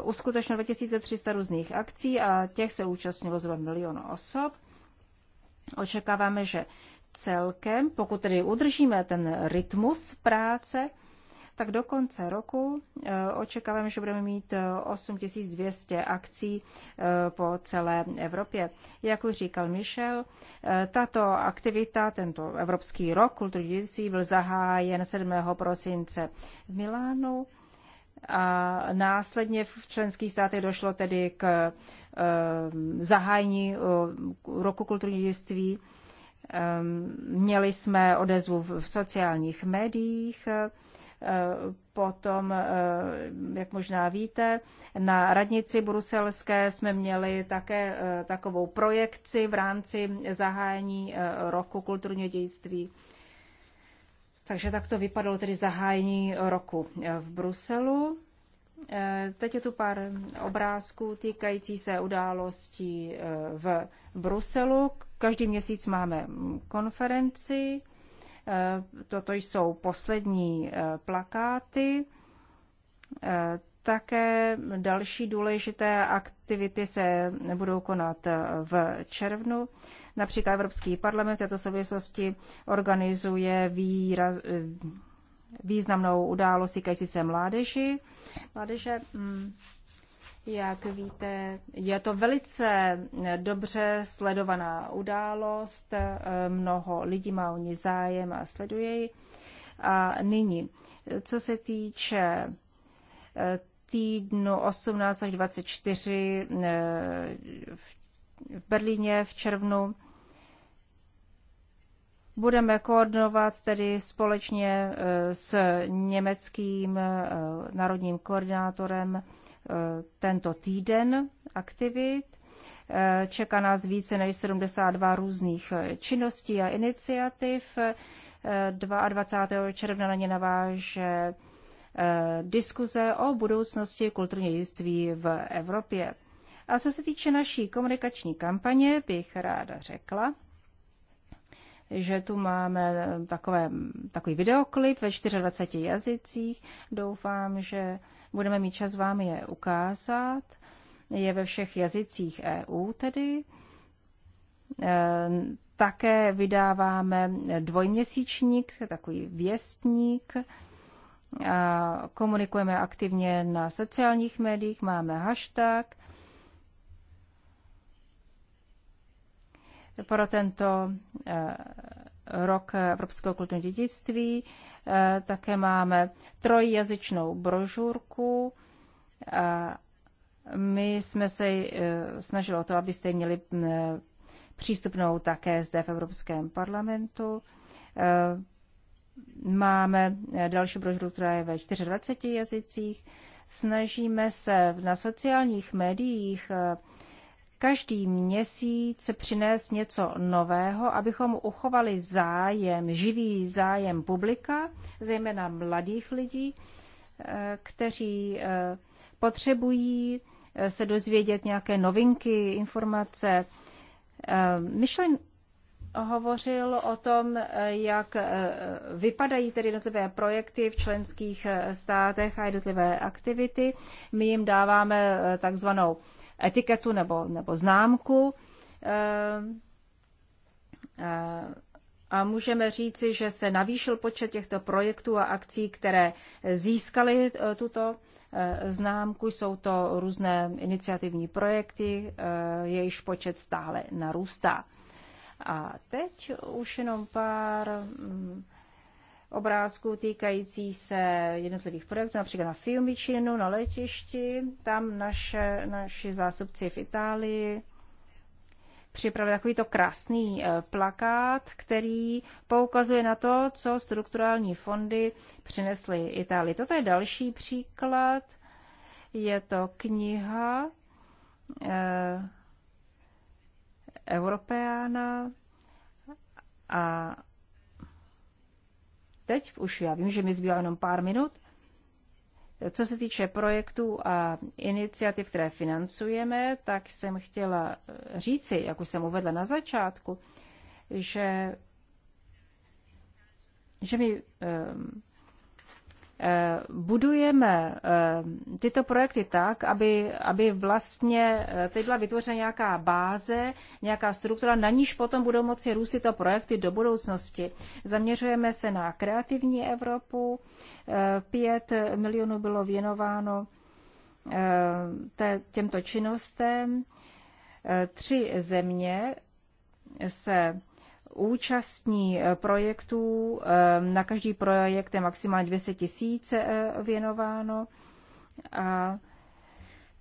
uskutečnilo 2300 různých akcí a těch se účastnilo zhruba milion osob. Očekáváme, že celkem, pokud tedy udržíme ten rytmus práce, tak do konce roku eh, očekáváme, že budeme mít 8200 eh, akcí eh, po celé Evropě. Jak už říkal Michel, tato aktivita, tento Evropský rok kulturní dědictví byl zahájen 7. prosince v Milánu a následně v členských státech došlo tedy k zahájení roku kulturní dědictví Ehm, měli jsme odezvu v sociálních médiích, ehm, Potom, ehm, jak možná víte, na radnici bruselské jsme měli také eh, takovou projekci v rámci zahájení eh, roku kulturního dědictví. Takže tak to vypadalo tedy zahájení roku eh, v Bruselu. Teď je tu pár obrázků týkající se událostí v Bruselu, Každý měsíc máme mm, konferenci, eh, toto jsou poslední eh, plakáty. Eh, také další důležité aktivity se budou konat v červnu. Například Evropský parlament v této souvislosti organizuje výraz, významnou událost týkající se mládeži. Mládeže mm, jak víte, je to velice dobře sledovaná událost, mnoho lidí má o ní zájem a sleduje ji. A nyní, co se týče eh, týdnu 18 až 24 eh, v Berlíně v červnu, budeme koordinovat tedy společně eh, s německým národním koordinátorem Eh, tento týden aktivit. Eh, čeká nás více než 72 různých eh, činností a iniciativ. 22. června na ně naváže diskuze o budoucnosti kulturního dědictví v Evropě. A co se týče naší komunikační kampaně, bych ráda řekla, že tu máme eh, takové, takový videoklip ve 24 jazycích. Doufám, že budeme mít čas vám je ukázat. Je ve všech jazycích EU tedy. Eh, také vydáváme dvojměsíčník, takový věstník. Komunikujeme aktivně na sociálních médiích, máme hashtag pro tento eh, rok Evropského kulturního dědictví. Eh, také máme trojjazyčnou brožurku. My jsme se eh, snažili o to, abyste měli mm, přístupnou také zde v Evropském parlamentu. Máme další brožuru, která je ve 24 jazycích. Snažíme se na sociálních médiích každý měsíc přinést něco nového, abychom uchovali zájem, živý zájem publika, zejména mladých lidí, eh, kteří eh, potřebují eh, se dozvědět nějaké novinky, informace. Myšlen hovořil o tom, jak vypadají tedy jednotlivé projekty v členských státech a jednotlivé aktivity. My jim dáváme takzvanou etiketu nebo, nebo známku. Eh, eh, a můžeme říci, že se navýšil počet těchto projektů a akcí, které získaly eh, tuto známku. Jsou to různé iniciativní projekty, jejichž počet stále narůstá. A teď už jenom pár mm, obrázků týkající se jednotlivých projektů, například na Fiumicinu, na letišti. Tam naše, naši zástupci v Itálii připravili takovýto krásný eh, plakát, který poukazuje na to, co strukturální fondy přinesly Itálii. Toto je další příklad. Je to kniha eh, Europeana a teď už já vím, že mi zbývá jenom pár minut. Co se týče projektů a iniciativ, které financujeme, tak jsem chtěla říci, jak už jsem uvedla na začátku, že, že mi um, Eh, budujeme eh, tyto projekty tak, aby, aby vlastně eh, teď byla vytvořena nějaká báze, nějaká struktura, na níž potom budou moci růst tyto projekty do budoucnosti. Zaměřujeme se na kreativní Evropu. Pět milionů bylo věnováno těmto činnostem. Tři země se účastní eh, projektů, eh, na každý projekt je maximálně 200 tisíc eh, věnováno a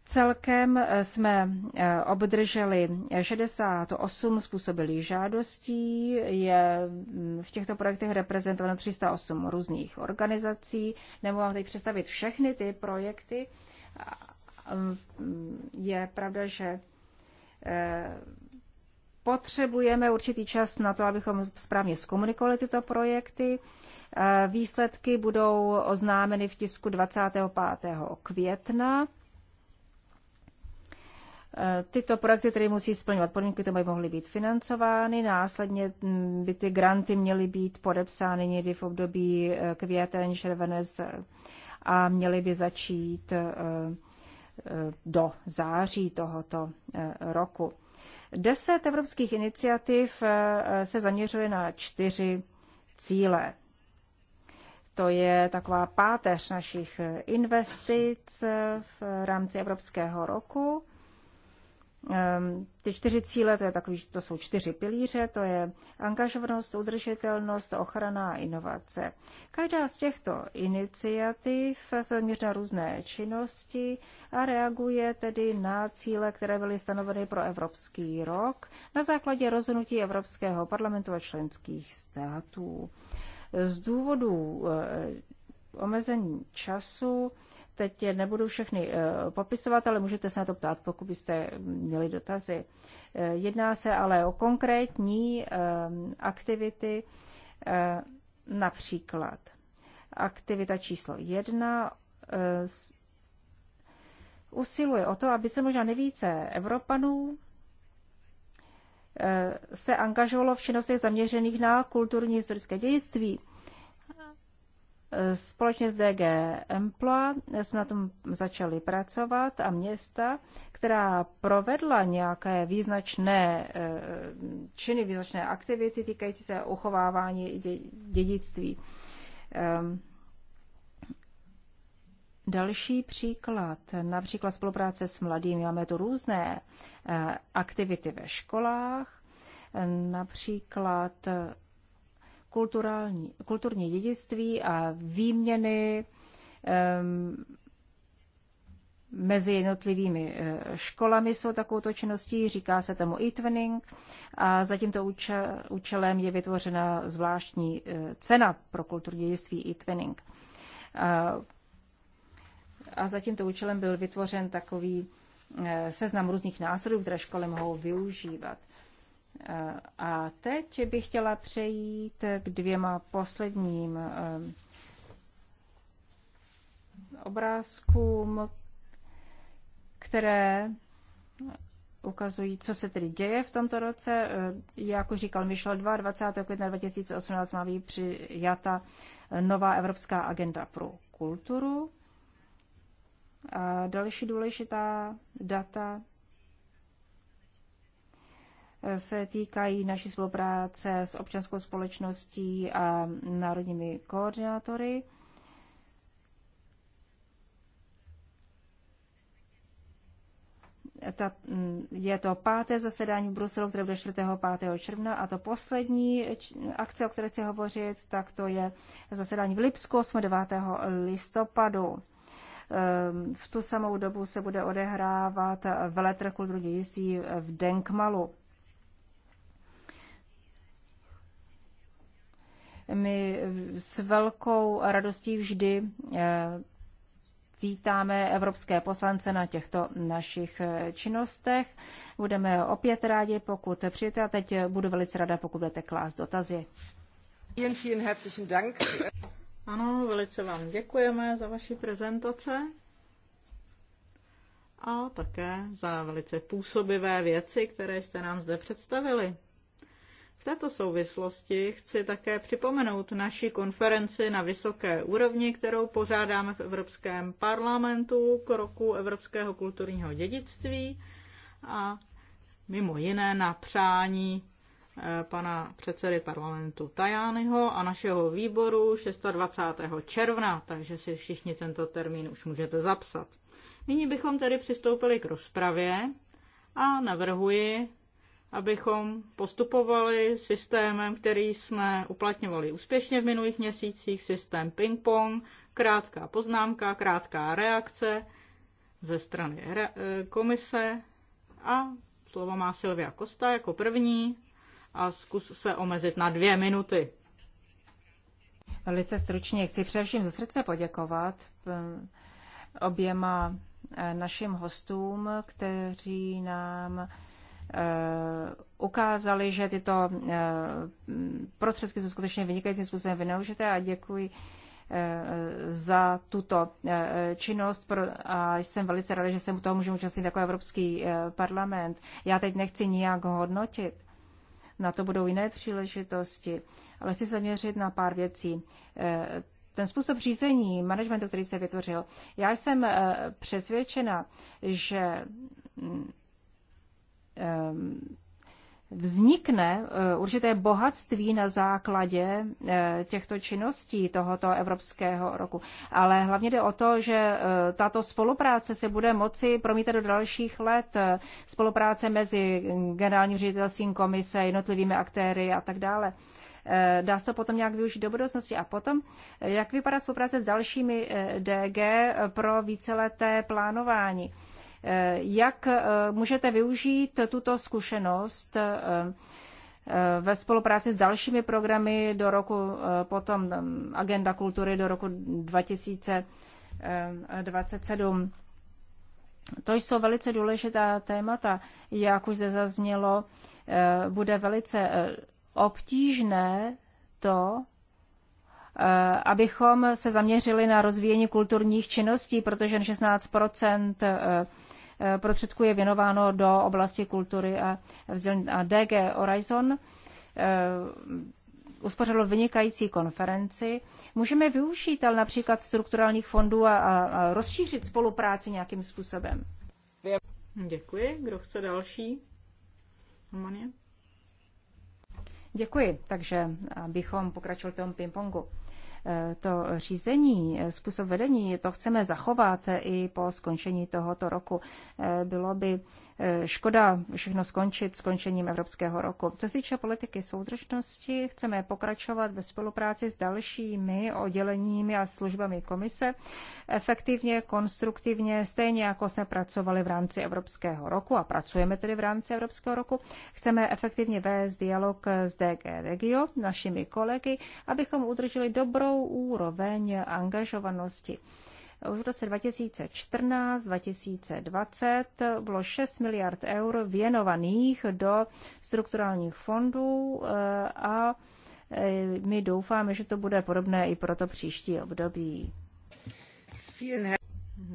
Celkem jsme obdrželi 68 způsobilých žádostí, je mm, v těchto projektech reprezentováno 308 různých organizací. Nemohu vám teď představit všechny ty projekty. Mm, je pravda, že potřebujeme určitý čas na to, abychom správně zkomunikovali tyto projekty. Eh, výsledky budou oznámeny v tisku 25. května. Eh, tyto projekty které musí splňovat podmínky, to by mohly být financovány, následně mm, by ty granty měly být podepsány někdy v období eh, květen, červenec a měly by začít do září tohoto roku. Deset evropských iniciativ eh, eh, se zaměřuje na čtyři cíle. To je taková páteř našich investic eh, v rámci Evropského roku Ehm, ty čtyři cíle, to, je takový, to jsou čtyři pilíře, to je angažovanost, udržitelnost, ochrana a inovace. Každá z těchto iniciativ se zaměří na různé činnosti a reaguje tedy na cíle, které byly stanoveny pro Evropský rok na základě rozhodnutí Evropského parlamentu a členských států. Z důvodu eh, omezení času Teď je nebudu všechny eh, popisovat, ale můžete se na to ptát, pokud byste měli dotazy. Eh, jedná se ale o konkrétní eh, aktivity, například aktivita číslo jedna usiluje o to, aby se možná nejvíce Evropanů se angažovalo v činnostech zaměřených na kulturní historické dějství Společně s DG Emploa jsme na tom začali pracovat a města, která provedla nějaké význačné eh, činy, význačné aktivity týkající se uchovávání dědictví. Ehm, další příklad, například spolupráce s mladými. Máme tu různé eh, aktivity ve školách, například kulturální, kulturní dědictví a výměny um, mezi jednotlivými eh, školami jsou takovouto činností, říká se tomu e-twinning a za tímto účelem je vytvořena zvláštní eh, cena pro kulturní dědictví e-twinning. A, a za tímto účelem byl vytvořen takový eh, seznam různých nástrojů, které školy mohou využívat. A teď bych chtěla přejít k dvěma posledním eh, obrázkům, které ukazují, co se tedy děje v tomto roce. Eh, jak už říkal Michel, 22. května 2018 má být přijata nová Evropská agenda pro kulturu. A další důležitá data se týkají naší spolupráce s občanskou společností a národními koordinátory. ta, mm, je to páté zasedání v Bruselu, které bude 4. 5. června a to poslední akce, o které chci hovořit, tak to je zasedání v Lipsku 8. 9. listopadu. Ehm, v tu samou dobu se bude odehrávat veletrh kulturní jistí v Denkmalu. My s velkou radostí vždy eh, vítáme evropské poslance na těchto našich eh, činnostech. Budeme opět rádi, pokud přijete a teď budu velice ráda, pokud budete klást dotazy. Vielen, vielen herzlichen Dank. Ano, velice vám děkujeme za vaši prezentace a také za velice působivé věci, které jste nám zde představili této souvislosti chci také připomenout naši konferenci na vysoké úrovni, kterou pořádáme v Evropském parlamentu k roku Evropského kulturního dědictví a mimo jiné na přání eh, pana předsedy parlamentu Tajányho a našeho výboru 26. června, takže si všichni tento termín už můžete zapsat. Nyní bychom tedy přistoupili k rozpravě a navrhuji, abychom postupovali systémem, který jsme uplatňovali úspěšně v minulých měsících, systém ping-pong, krátká poznámka, krátká reakce ze strany eh, komise a slovo má Silvia Kosta jako první a zkus se omezit na dvě minuty. Velice stručně chci především ze srdce poděkovat eh, oběma eh, našim hostům, kteří nám Eh, ukázali, že tyto eh, prostředky jsou skutečně vynikajícím způsobem vynaložité a děkuji eh, za tuto činnost a jsem velice ráda, že jsem mu toho můžu účastnit jako Evropský parlament. Já teď nechci nijak hodnotit, na to budou jiné příležitosti, ale chci zaměřit na pár věcí. Ten způsob řízení, managementu, který se vytvořil, já jsem přesvědčena, že mm, Ehm, vznikne eh, určité bohatství na základě eh, těchto činností tohoto Evropského roku. Ale hlavně jde o to, že eh, tato spolupráce se bude moci promítat do dalších let. Spolupráce mezi mm, generálním ředitelstvím komise, jednotlivými aktéry a tak dále. Dá se to potom nějak využít do budoucnosti. A potom, jak vypadá spolupráce s dalšími DG pro víceleté plánování? Eh, jak eh, můžete využít tuto zkušenost eh, ve spolupráci s dalšími programy do roku, potom mm, Agenda kultury do roku 2027? To jsou velice důležitá témata. Jak už zde zaznělo, bude velice obtížné to, abychom se zaměřili na rozvíjení kulturních činností, protože 16 Eh, prostředků je věnováno do oblasti kultury a, a DG Horizon eh, uspořilo vynikající konferenci. Můžeme využít ale například strukturálních fondů a, a rozšířit spolupráci nějakým způsobem. Děkuji. Kdo chce další? Manie? Děkuji. Takže abychom pokračovali tom ping pingpongu to řízení, eh, způsob vedení, to chceme zachovat i po skončení tohoto roku. Eh, bylo by Eh, škoda všechno skončit skončením Evropského roku. Co se týče politiky soudržnosti, chceme pokračovat ve spolupráci s dalšími odděleními a službami komise efektivně, konstruktivně, stejně jako jsme pracovali v rámci Evropského roku a pracujeme tedy v rámci Evropského roku. Chceme efektivně vést dialog s DG Regio, našimi kolegy, abychom udrželi dobrou úroveň angažovanosti v roce 2014-2020 bylo 6 miliard eur věnovaných do strukturálních fondů eh, a eh, my doufáme, že to bude podobné i pro to příští období.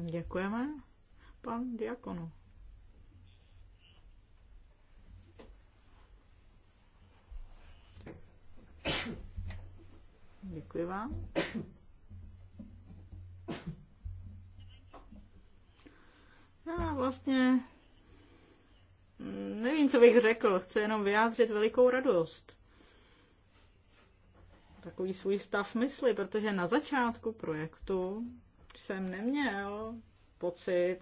Děkujeme. Pan Diakonu. Děkuji vám. Já no vlastně mm, nevím, co bych řekl, chci jenom vyjádřit velikou radost. Takový svůj stav mysli, protože na začátku projektu jsem neměl pocit,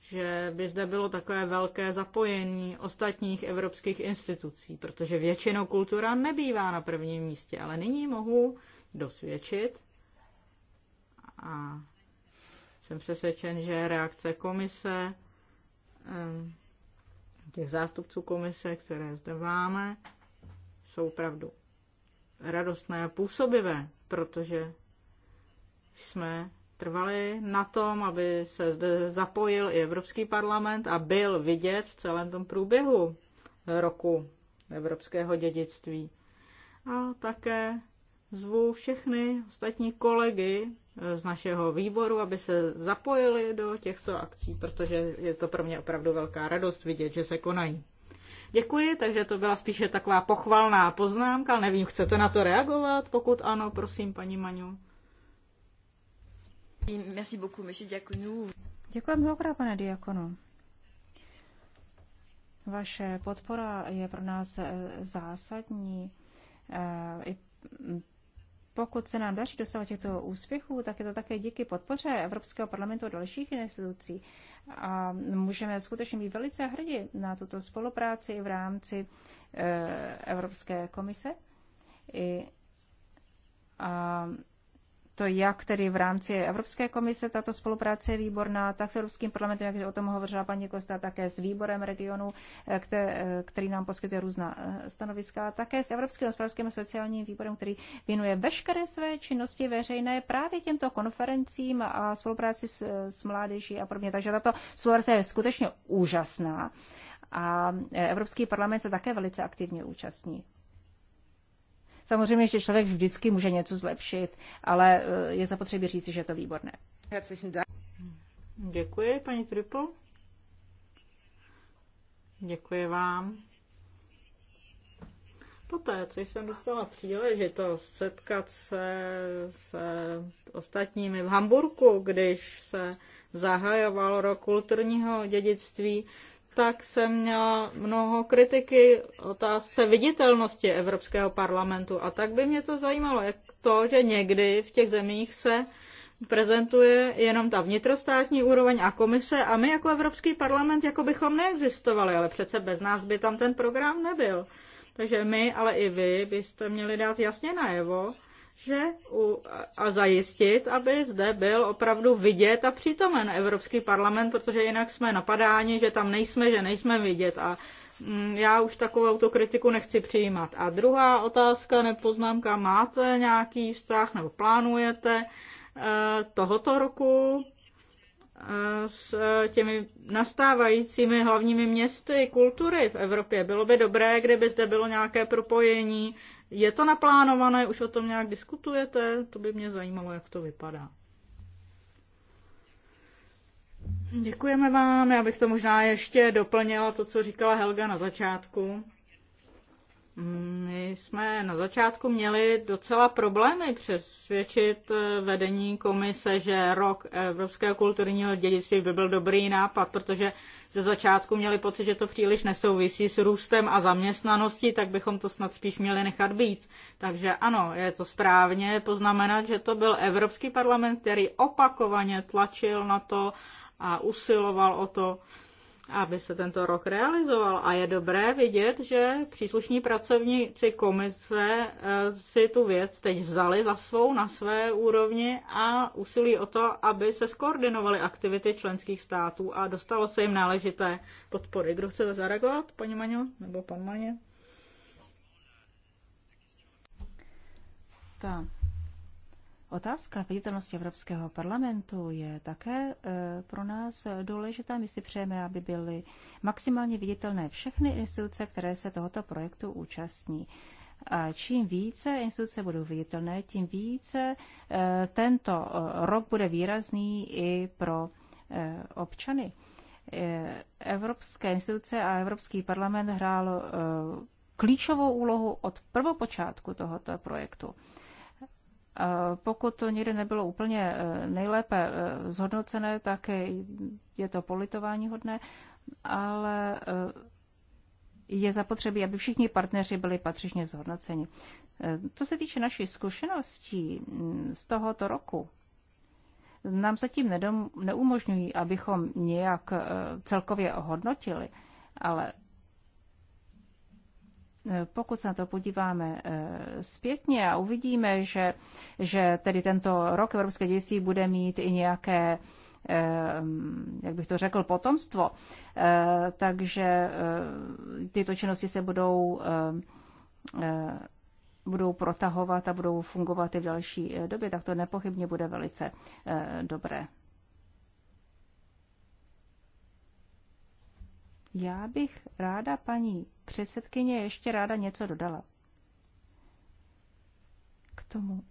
že by zde bylo takové velké zapojení ostatních evropských institucí, protože většinou kultura nebývá na prvním místě, ale nyní mohu dosvědčit a jsem přesvědčen, že reakce komise, těch zástupců komise, které zde máme, jsou opravdu radostné a působivé, protože jsme trvali na tom, aby se zde zapojil i Evropský parlament a byl vidět v celém tom průběhu roku evropského dědictví. A také zvu všechny ostatní kolegy eh, z našeho výboru, aby se zapojili do těchto akcí, protože je to pro mě opravdu velká radost vidět, že se konají. Děkuji, takže to byla spíše taková pochvalná poznámka. Nevím, chcete na to reagovat? Pokud ano, prosím, paní Maňu. Merci beaucoup, monsieur Diakonu. Děkuji mnohokrát, pane Diakonu. Vaše podpora je pro nás eh, zásadní eh, i pokud se nám daří dosahovat těchto úspěchů, tak je to také díky podpoře Evropského parlamentu a dalších institucí. A můžeme skutečně být velice hrdí na tuto spolupráci v rámci e, Evropské komise. I, a to, jak tedy v rámci Evropské komise tato spolupráce je výborná, tak s Evropským parlamentem, jak o tom hovořila paní Kosta, také s výborem regionu, eh, eh, který nám poskytuje různá eh, stanoviska, také s Evropským hospodářským a sociálním výborem, který věnuje veškeré své činnosti veřejné právě těmto konferencím a spolupráci s, s mládeží a podobně. Takže tato spolupráce je skutečně úžasná. A Evropský parlament se také velice aktivně účastní. Samozřejmě, že člověk vždycky může něco zlepšit, ale eh, je zapotřebí říct, že je to výborné. Děkuji, paní Trupo. Děkuji vám. Poté, co jsem dostala příležitost setkat se s ostatními v Hamburku, když se zahajoval rok kulturního dědictví, tak jsem měla mnoho kritiky otázce viditelnosti Evropského parlamentu. A tak by mě to zajímalo, jak to, že někdy v těch zemích se prezentuje jenom ta vnitrostátní úroveň a komise a my jako Evropský parlament jako bychom neexistovali, ale přece bez nás by tam ten program nebyl. Takže my, ale i vy byste měli dát jasně najevo, že u, a zajistit, aby zde byl opravdu vidět a přítomen Evropský parlament, protože jinak jsme napadáni, že tam nejsme, že nejsme vidět a mm, já už takovou tu kritiku nechci přijímat. A druhá otázka, nepoznámka, máte nějaký vztah nebo plánujete e, tohoto roku e, s e, těmi nastávajícími hlavními městy kultury v Evropě. Bylo by dobré, kdyby zde bylo nějaké propojení je to naplánované, už o tom nějak diskutujete? To by mě zajímalo, jak to vypadá. Děkujeme vám. Já bych to možná ještě doplnila to, co říkala Helga na začátku. My jsme na začátku měli docela problémy přesvědčit eh, vedení komise, že rok Evropského kulturního dědictví by byl dobrý nápad, protože ze začátku měli pocit, že to příliš nesouvisí s růstem a zaměstnaností, tak bychom to snad spíš měli nechat být. Takže ano, je to správně poznamenat, že to byl Evropský parlament, který opakovaně tlačil na to a usiloval o to, aby se tento rok realizoval. A je dobré vidět, že příslušní pracovníci komise eh, si tu věc teď vzali za svou na své úrovni a usilují o to, aby se skoordinovaly aktivity členských států a dostalo se jim náležité podpory. Kdo chce zareagovat, paní Maňo nebo pan Maně? Tak. Otázka viditelnosti Evropského parlamentu je také e, pro nás důležitá. My si přejeme, aby byly maximálně viditelné všechny instituce, které se tohoto projektu účastní. A čím více instituce budou viditelné, tím více e, tento e, rok bude výrazný i pro občany. Evropské instituce a Evropský parlament hrál klíčovou úlohu od prvopočátku tohoto projektu. Pokud to někde nebylo úplně eh, nejlépe eh, zhodnocené, tak je to politování hodné, ale eh, je zapotřebí, aby všichni partneři byli patřičně zhodnoceni. Co se týče naší zkušeností mm, z tohoto roku, nám zatím nedom, neumožňují, abychom nějak celkově hodnotili, ale pokud se na to podíváme eh, zpětně a uvidíme, že, že tedy tento rok Evropské dějství bude mít i nějaké eh, jak bych to řekl, potomstvo. Eh, takže tyto činnosti se budou, budou protahovat a budou fungovat i v další době, tak to nepochybně bude velice dobré. Já bych ráda, paní předsedkyně, ještě ráda něco dodala. K tomu,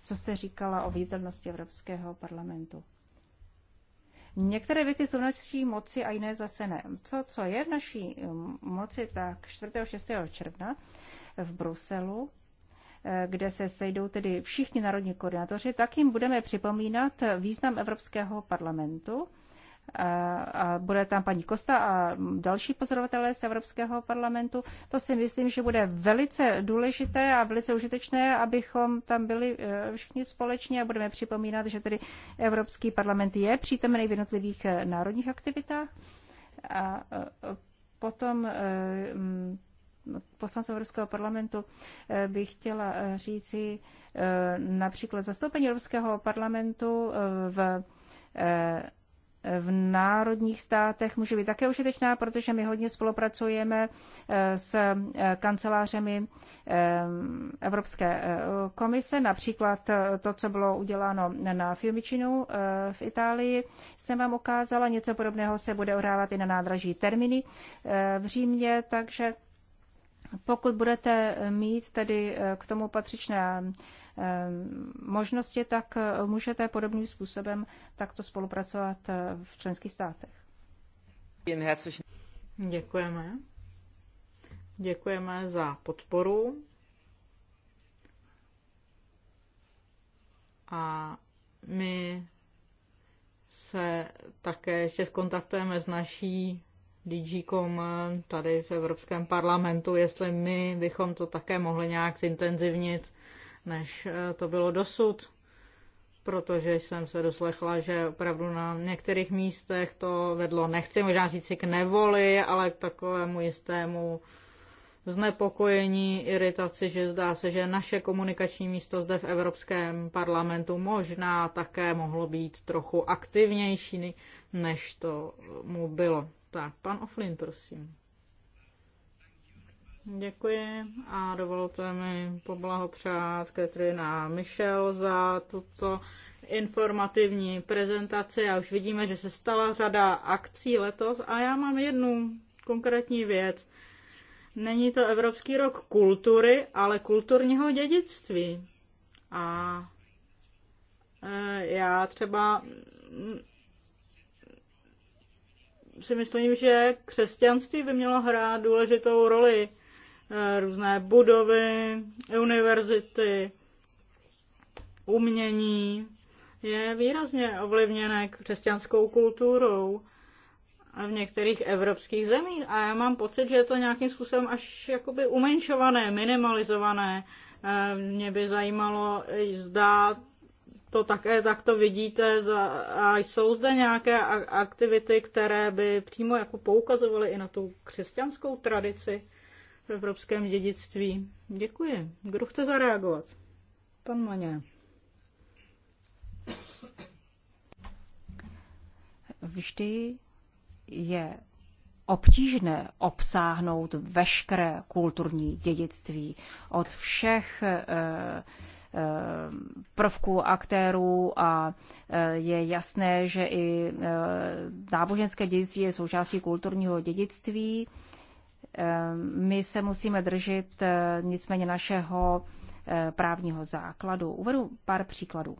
co jste říkala o výtelnosti Evropského parlamentu. Některé věci jsou v naší moci a jiné zase ne. Co, co je v naší um, moci, tak 4. 6. června v Bruselu eh, kde se sejdou tedy všichni národní koordinátoři, tak jim budeme připomínat význam Evropského parlamentu a, a bude tam paní Kosta a další pozorovatelé z Evropského parlamentu. To si myslím, že bude velice důležité a velice užitečné, abychom tam byli e, všichni společně a budeme připomínat, že tedy Evropský parlament je přítomen v jednotlivých e, národních aktivitách. A e, potom poslance Evropského parlamentu bych chtěla říci například zastoupení Evropského parlamentu v v národních státech může být také užitečná, protože my hodně spolupracujeme eh, s eh, kancelářemi eh, Evropské komise, například to, co bylo uděláno na Fiumicinu v Itálii, jsem vám ukázala. Něco podobného se bude odávat i na nádraží Termini v Římě, takže pokud budete mít tedy k tomu patřičné Ehm, možnosti, tak eh, můžete podobným způsobem takto spolupracovat eh, v členských státech. Děkujeme. Děkujeme za podporu. A my se také ještě skontaktujeme s naší DGCOM eh, tady v Evropském parlamentu, jestli my bychom to také mohli nějak zintenzivnit než eh, to bylo dosud, protože jsem se doslechla, že opravdu na některých místech to vedlo, nechci možná říct si k nevoli, ale k takovému jistému znepokojení, iritaci, že zdá se, že naše komunikační místo zde v Evropském parlamentu možná také mohlo být trochu aktivnější, než to mu bylo. Tak, pan Oflin, prosím. Děkuji a dovolte mi poblahopřát Katrina Michel za tuto informativní prezentaci. a už vidíme, že se stala řada akcí letos a já mám jednu konkrétní věc. Není to Evropský rok kultury, ale kulturního dědictví. A e, já třeba si myslím, že křesťanství by mělo hrát důležitou roli Eh, různé budovy, univerzity, umění, je výrazně ovlivněné křesťanskou kulturou v některých evropských zemích. A já mám pocit, že je to nějakým způsobem až jakoby umenšované, minimalizované. Eh, mě by zajímalo, zda to také takto vidíte a jsou zde nějaké aktivity, které by přímo jako poukazovaly i na tu křesťanskou tradici v evropském dědictví. Děkuji. Kdo chce zareagovat? Pan Maně. Vždy je obtížné obsáhnout veškeré kulturní dědictví od všech eh, eh, prvků aktérů a eh, je jasné, že i náboženské dědictví je součástí kulturního dědictví. Ehm, my se musíme držet eh, nicméně našeho eh, právního základu. Uvedu pár příkladů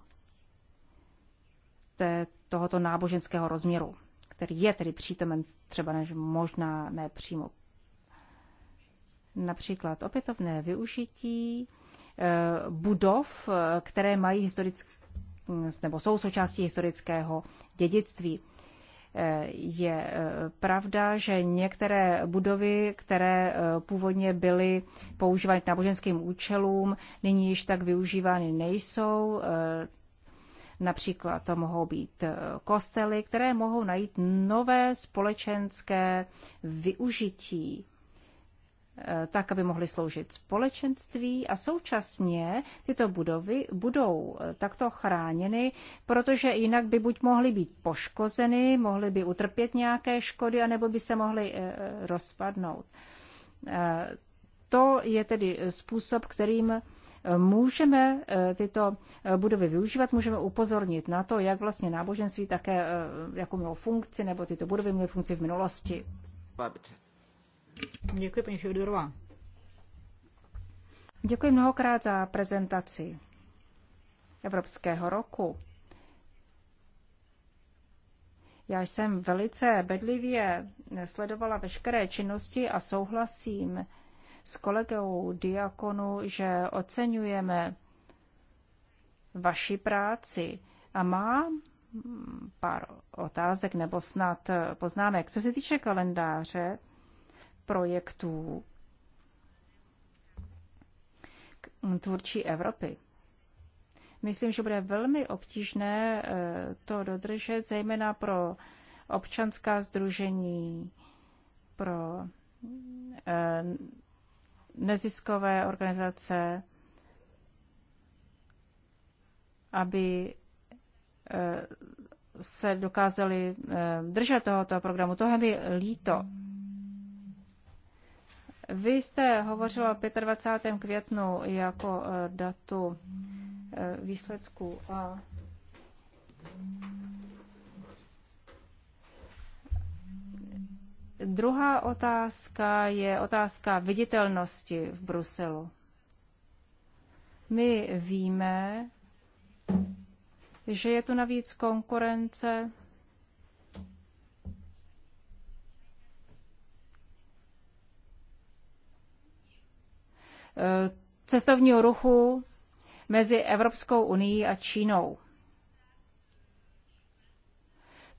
tohoto náboženského rozměru, který je tedy přítomen třeba než možná nepřímo. Například opětovné využití eh, budov, které mají historické nebo jsou součástí historického dědictví. Je eh, pravda, že některé budovy, které eh, původně byly používány k náboženským účelům, nyní již tak využívány nejsou. Eh, například to mohou být kostely, které mohou najít nové společenské využití Eh, tak, aby mohly sloužit společenství a současně tyto budovy budou eh, takto chráněny, protože jinak by buď mohly být poškozeny, mohly by utrpět nějaké škody, anebo by se mohly eh, rozpadnout. To je tedy způsob, kterým můžeme tyto budovy využívat, můžeme upozornit na to, jak vlastně náboženství také, jakou mělo funkci, nebo tyto budovy měly funkci v minulosti. Babiček. Děkuji, paní Fjodorová. Děkuji mnohokrát za prezentaci Evropského roku. Já jsem velice bedlivě sledovala veškeré činnosti a souhlasím s kolegou Diakonu, že oceňujeme vaši práci a mám pár otázek nebo snad poznámek. Co se týče kalendáře, projektů tvůrčí Evropy. Myslím, že bude velmi obtížné eh, to dodržet, zejména pro občanská združení, pro eh, neziskové organizace, aby eh, se dokázali držet tohoto programu. Tohle mi líto. Vy jste hovořila o 25. květnu jako eh, datu eh, výsledků a Druhá otázka je otázka viditelnosti v Bruselu. My víme, že je tu navíc konkurence Eh, cestovního ruchu mezi Evropskou unii a Čínou.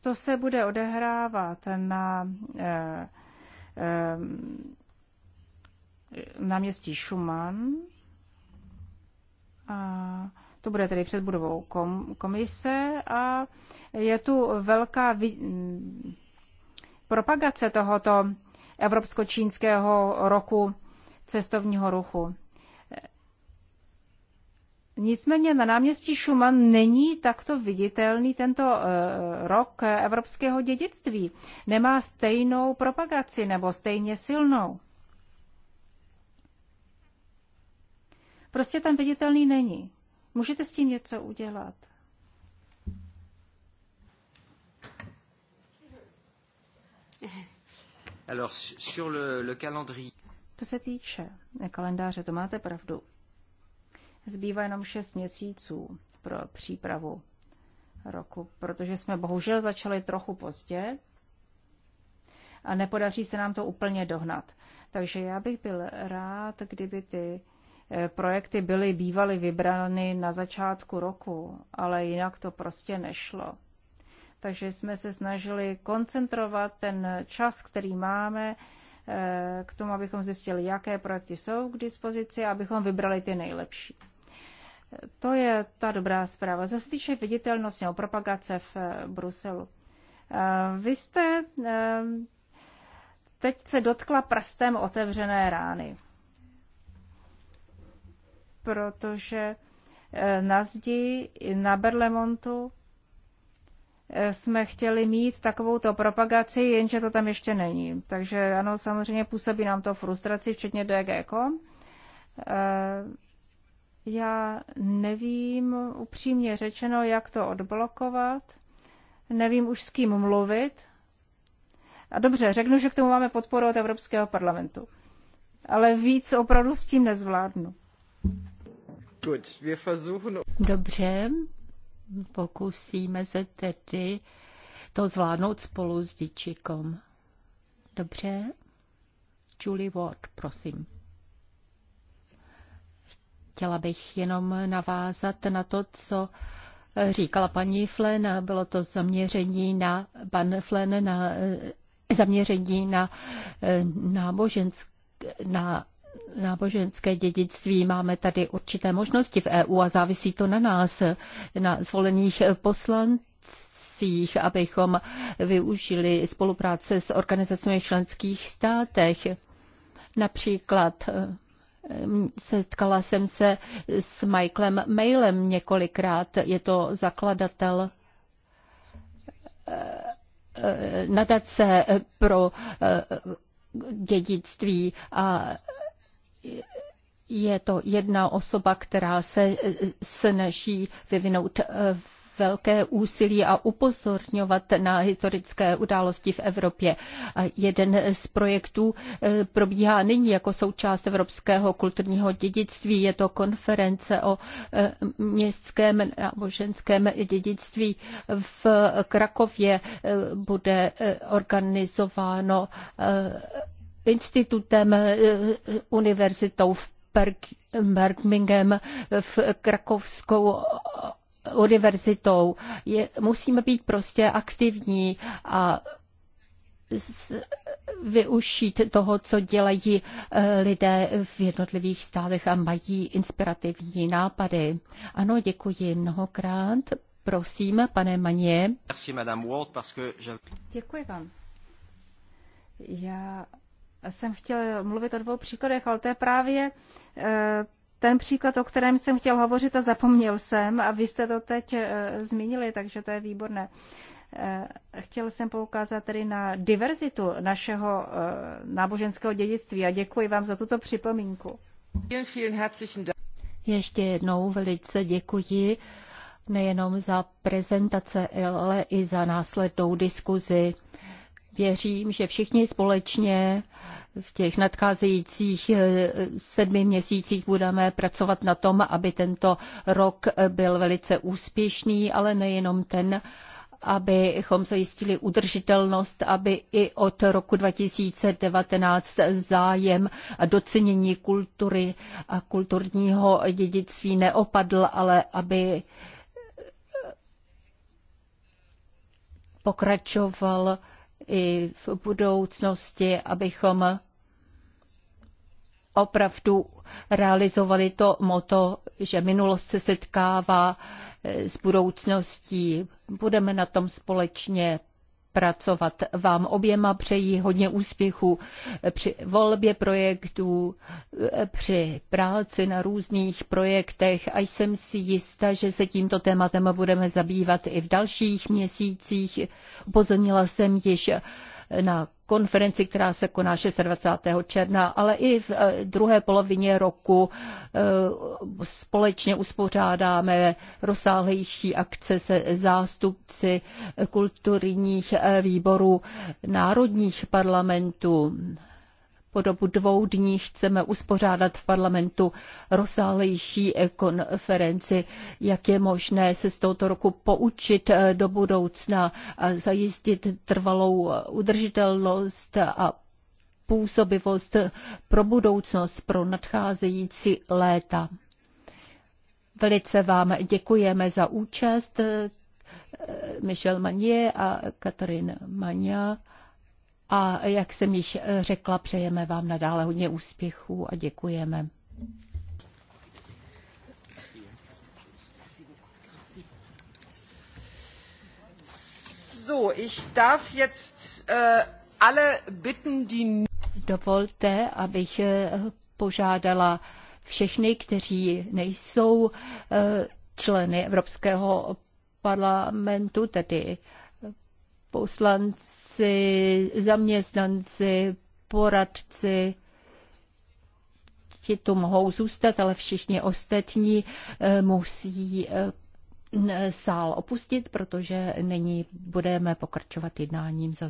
To se bude odehrávat na eh, eh, městí Schumann. A to bude tedy před budovou kom, komise a je tu velká vi, mm, propagace tohoto evropsko-čínského roku cestovního ruchu. Nicméně na náměstí Šuman není takto viditelný tento eh, rok evropského dědictví. Nemá stejnou propagaci nebo stejně silnou. Prostě tam viditelný není. Můžete s tím něco udělat. Alors, sur le, le calendrier. To se týče kalendáře, to máte pravdu. Zbývá jenom šest měsíců pro přípravu roku, protože jsme bohužel začali trochu pozdě a nepodaří se nám to úplně dohnat. Takže já bych byl rád, kdyby ty eh, projekty byly bývaly vybrány na začátku roku, ale jinak to prostě nešlo. Takže jsme se snažili koncentrovat ten čas, který máme, k tomu, abychom zjistili, jaké projekty jsou k dispozici, abychom vybrali ty nejlepší. To je ta dobrá zpráva. Co se týče viditelnosti nebo propagace v eh, Bruselu. Eh, vy jste eh, teď se dotkla prstem otevřené rány, protože na zdi na Berlemontu jsme chtěli mít to propagaci, jenže to tam ještě není. Takže ano, samozřejmě působí nám to frustraci, včetně DGCOM. Eh, já nevím upřímně řečeno, jak to odblokovat. Nevím už s kým mluvit. A dobře, řeknu, že k tomu máme podporu od Evropského parlamentu. Ale víc opravdu s tím nezvládnu. Dobře, Pokusíme se tedy to zvládnout spolu s Dičikom. Dobře? Julie Ward, prosím. Chtěla bych jenom navázat na to, co říkala paní Flen. Bylo to zaměření na pan Flen, na zaměření na náboženské na, na náboženské dědictví. Máme tady určité možnosti v EU a závisí to na nás, na zvolených poslancích abychom využili spolupráce s organizacemi v členských státech. Například eh, setkala jsem se s Michaelem Mailem několikrát, je to zakladatel eh, eh, nadace pro dědictví a je to jedna osoba, která se snaží vyvinout eh, velké úsilí a upozorňovat na historické události v Evropě. A jeden z projektů eh, probíhá nyní jako součást evropského kulturního dědictví. Je to konference o eh, městském náboženském dědictví v Krakově. Bude organizováno institutem, eh, eh, univerzitou v Birmingham, v krakovskou univerzitou. Je, musíme být prostě aktivní a z, využít toho, co dělají eh, lidé v jednotlivých stálech a mají inspirativní nápady. Ano, děkuji mnohokrát. Prosím, pane Maně. Děkuji vám. Já jsem chtěl mluvit o dvou příkladech, ale to je právě eh, ten příklad, o kterém jsem chtěl hovořit a zapomněl jsem a vy jste to teď eh, zmínili, takže to je výborné. Eh, chtěl jsem poukázat tedy na diverzitu našeho náboženského dědictví a děkuji vám za tuto připomínku. Ještě jednou velice děkuji nejenom za prezentace, ale i za následnou diskuzi. Věřím, že všichni společně v těch nadcházejících eh, sedmi měsících budeme pracovat na tom, aby tento rok byl velice úspěšný, ale nejenom ten, abychom zajistili udržitelnost, aby i od roku 2019 zájem a docenění kultury a kulturního dědictví neopadl, ale aby eh, pokračoval i v budoucnosti, abychom opravdu realizovali to moto, že minulost se setkává s budoucností. Budeme na tom společně Pracovat Vám oběma přeji hodně úspěchu při volbě projektů, při práci na různých projektech a jsem si jista, že se tímto tématem budeme zabývat i v dalších měsících. Upozornila jsem již na konferenci, která se koná 26. června, ale i v eh, druhé polovině roku eh, společně uspořádáme rozsáhlejší akce se zástupci kulturních eh, výborů národních parlamentů. Po dobu dvou dní chceme uspořádat v parlamentu rozsáhlejší konferenci, jak je možné se z tohoto roku poučit eh, do budoucna a zajistit trvalou udržitelnost a působivost pro budoucnost, pro nadcházející léta. Velice vám děkujeme za účast, eh, Michel Manier a Katarín Mania. A jak jsem již eh, řekla, přejeme vám nadále hodně úspěchů a děkujeme. So, ich darf jetzt äh, alle bitten, die... Dovolte, abych eh, požádala všechny, kteří nejsou eh, členy Evropského parlamentu, tedy poslanci, pracovníci, zaměstnanci, poradci, ti tu mohou zůstat, ale všichni ostatní eh, musí eh, sál opustit, protože nyní budeme pokračovat jednáním za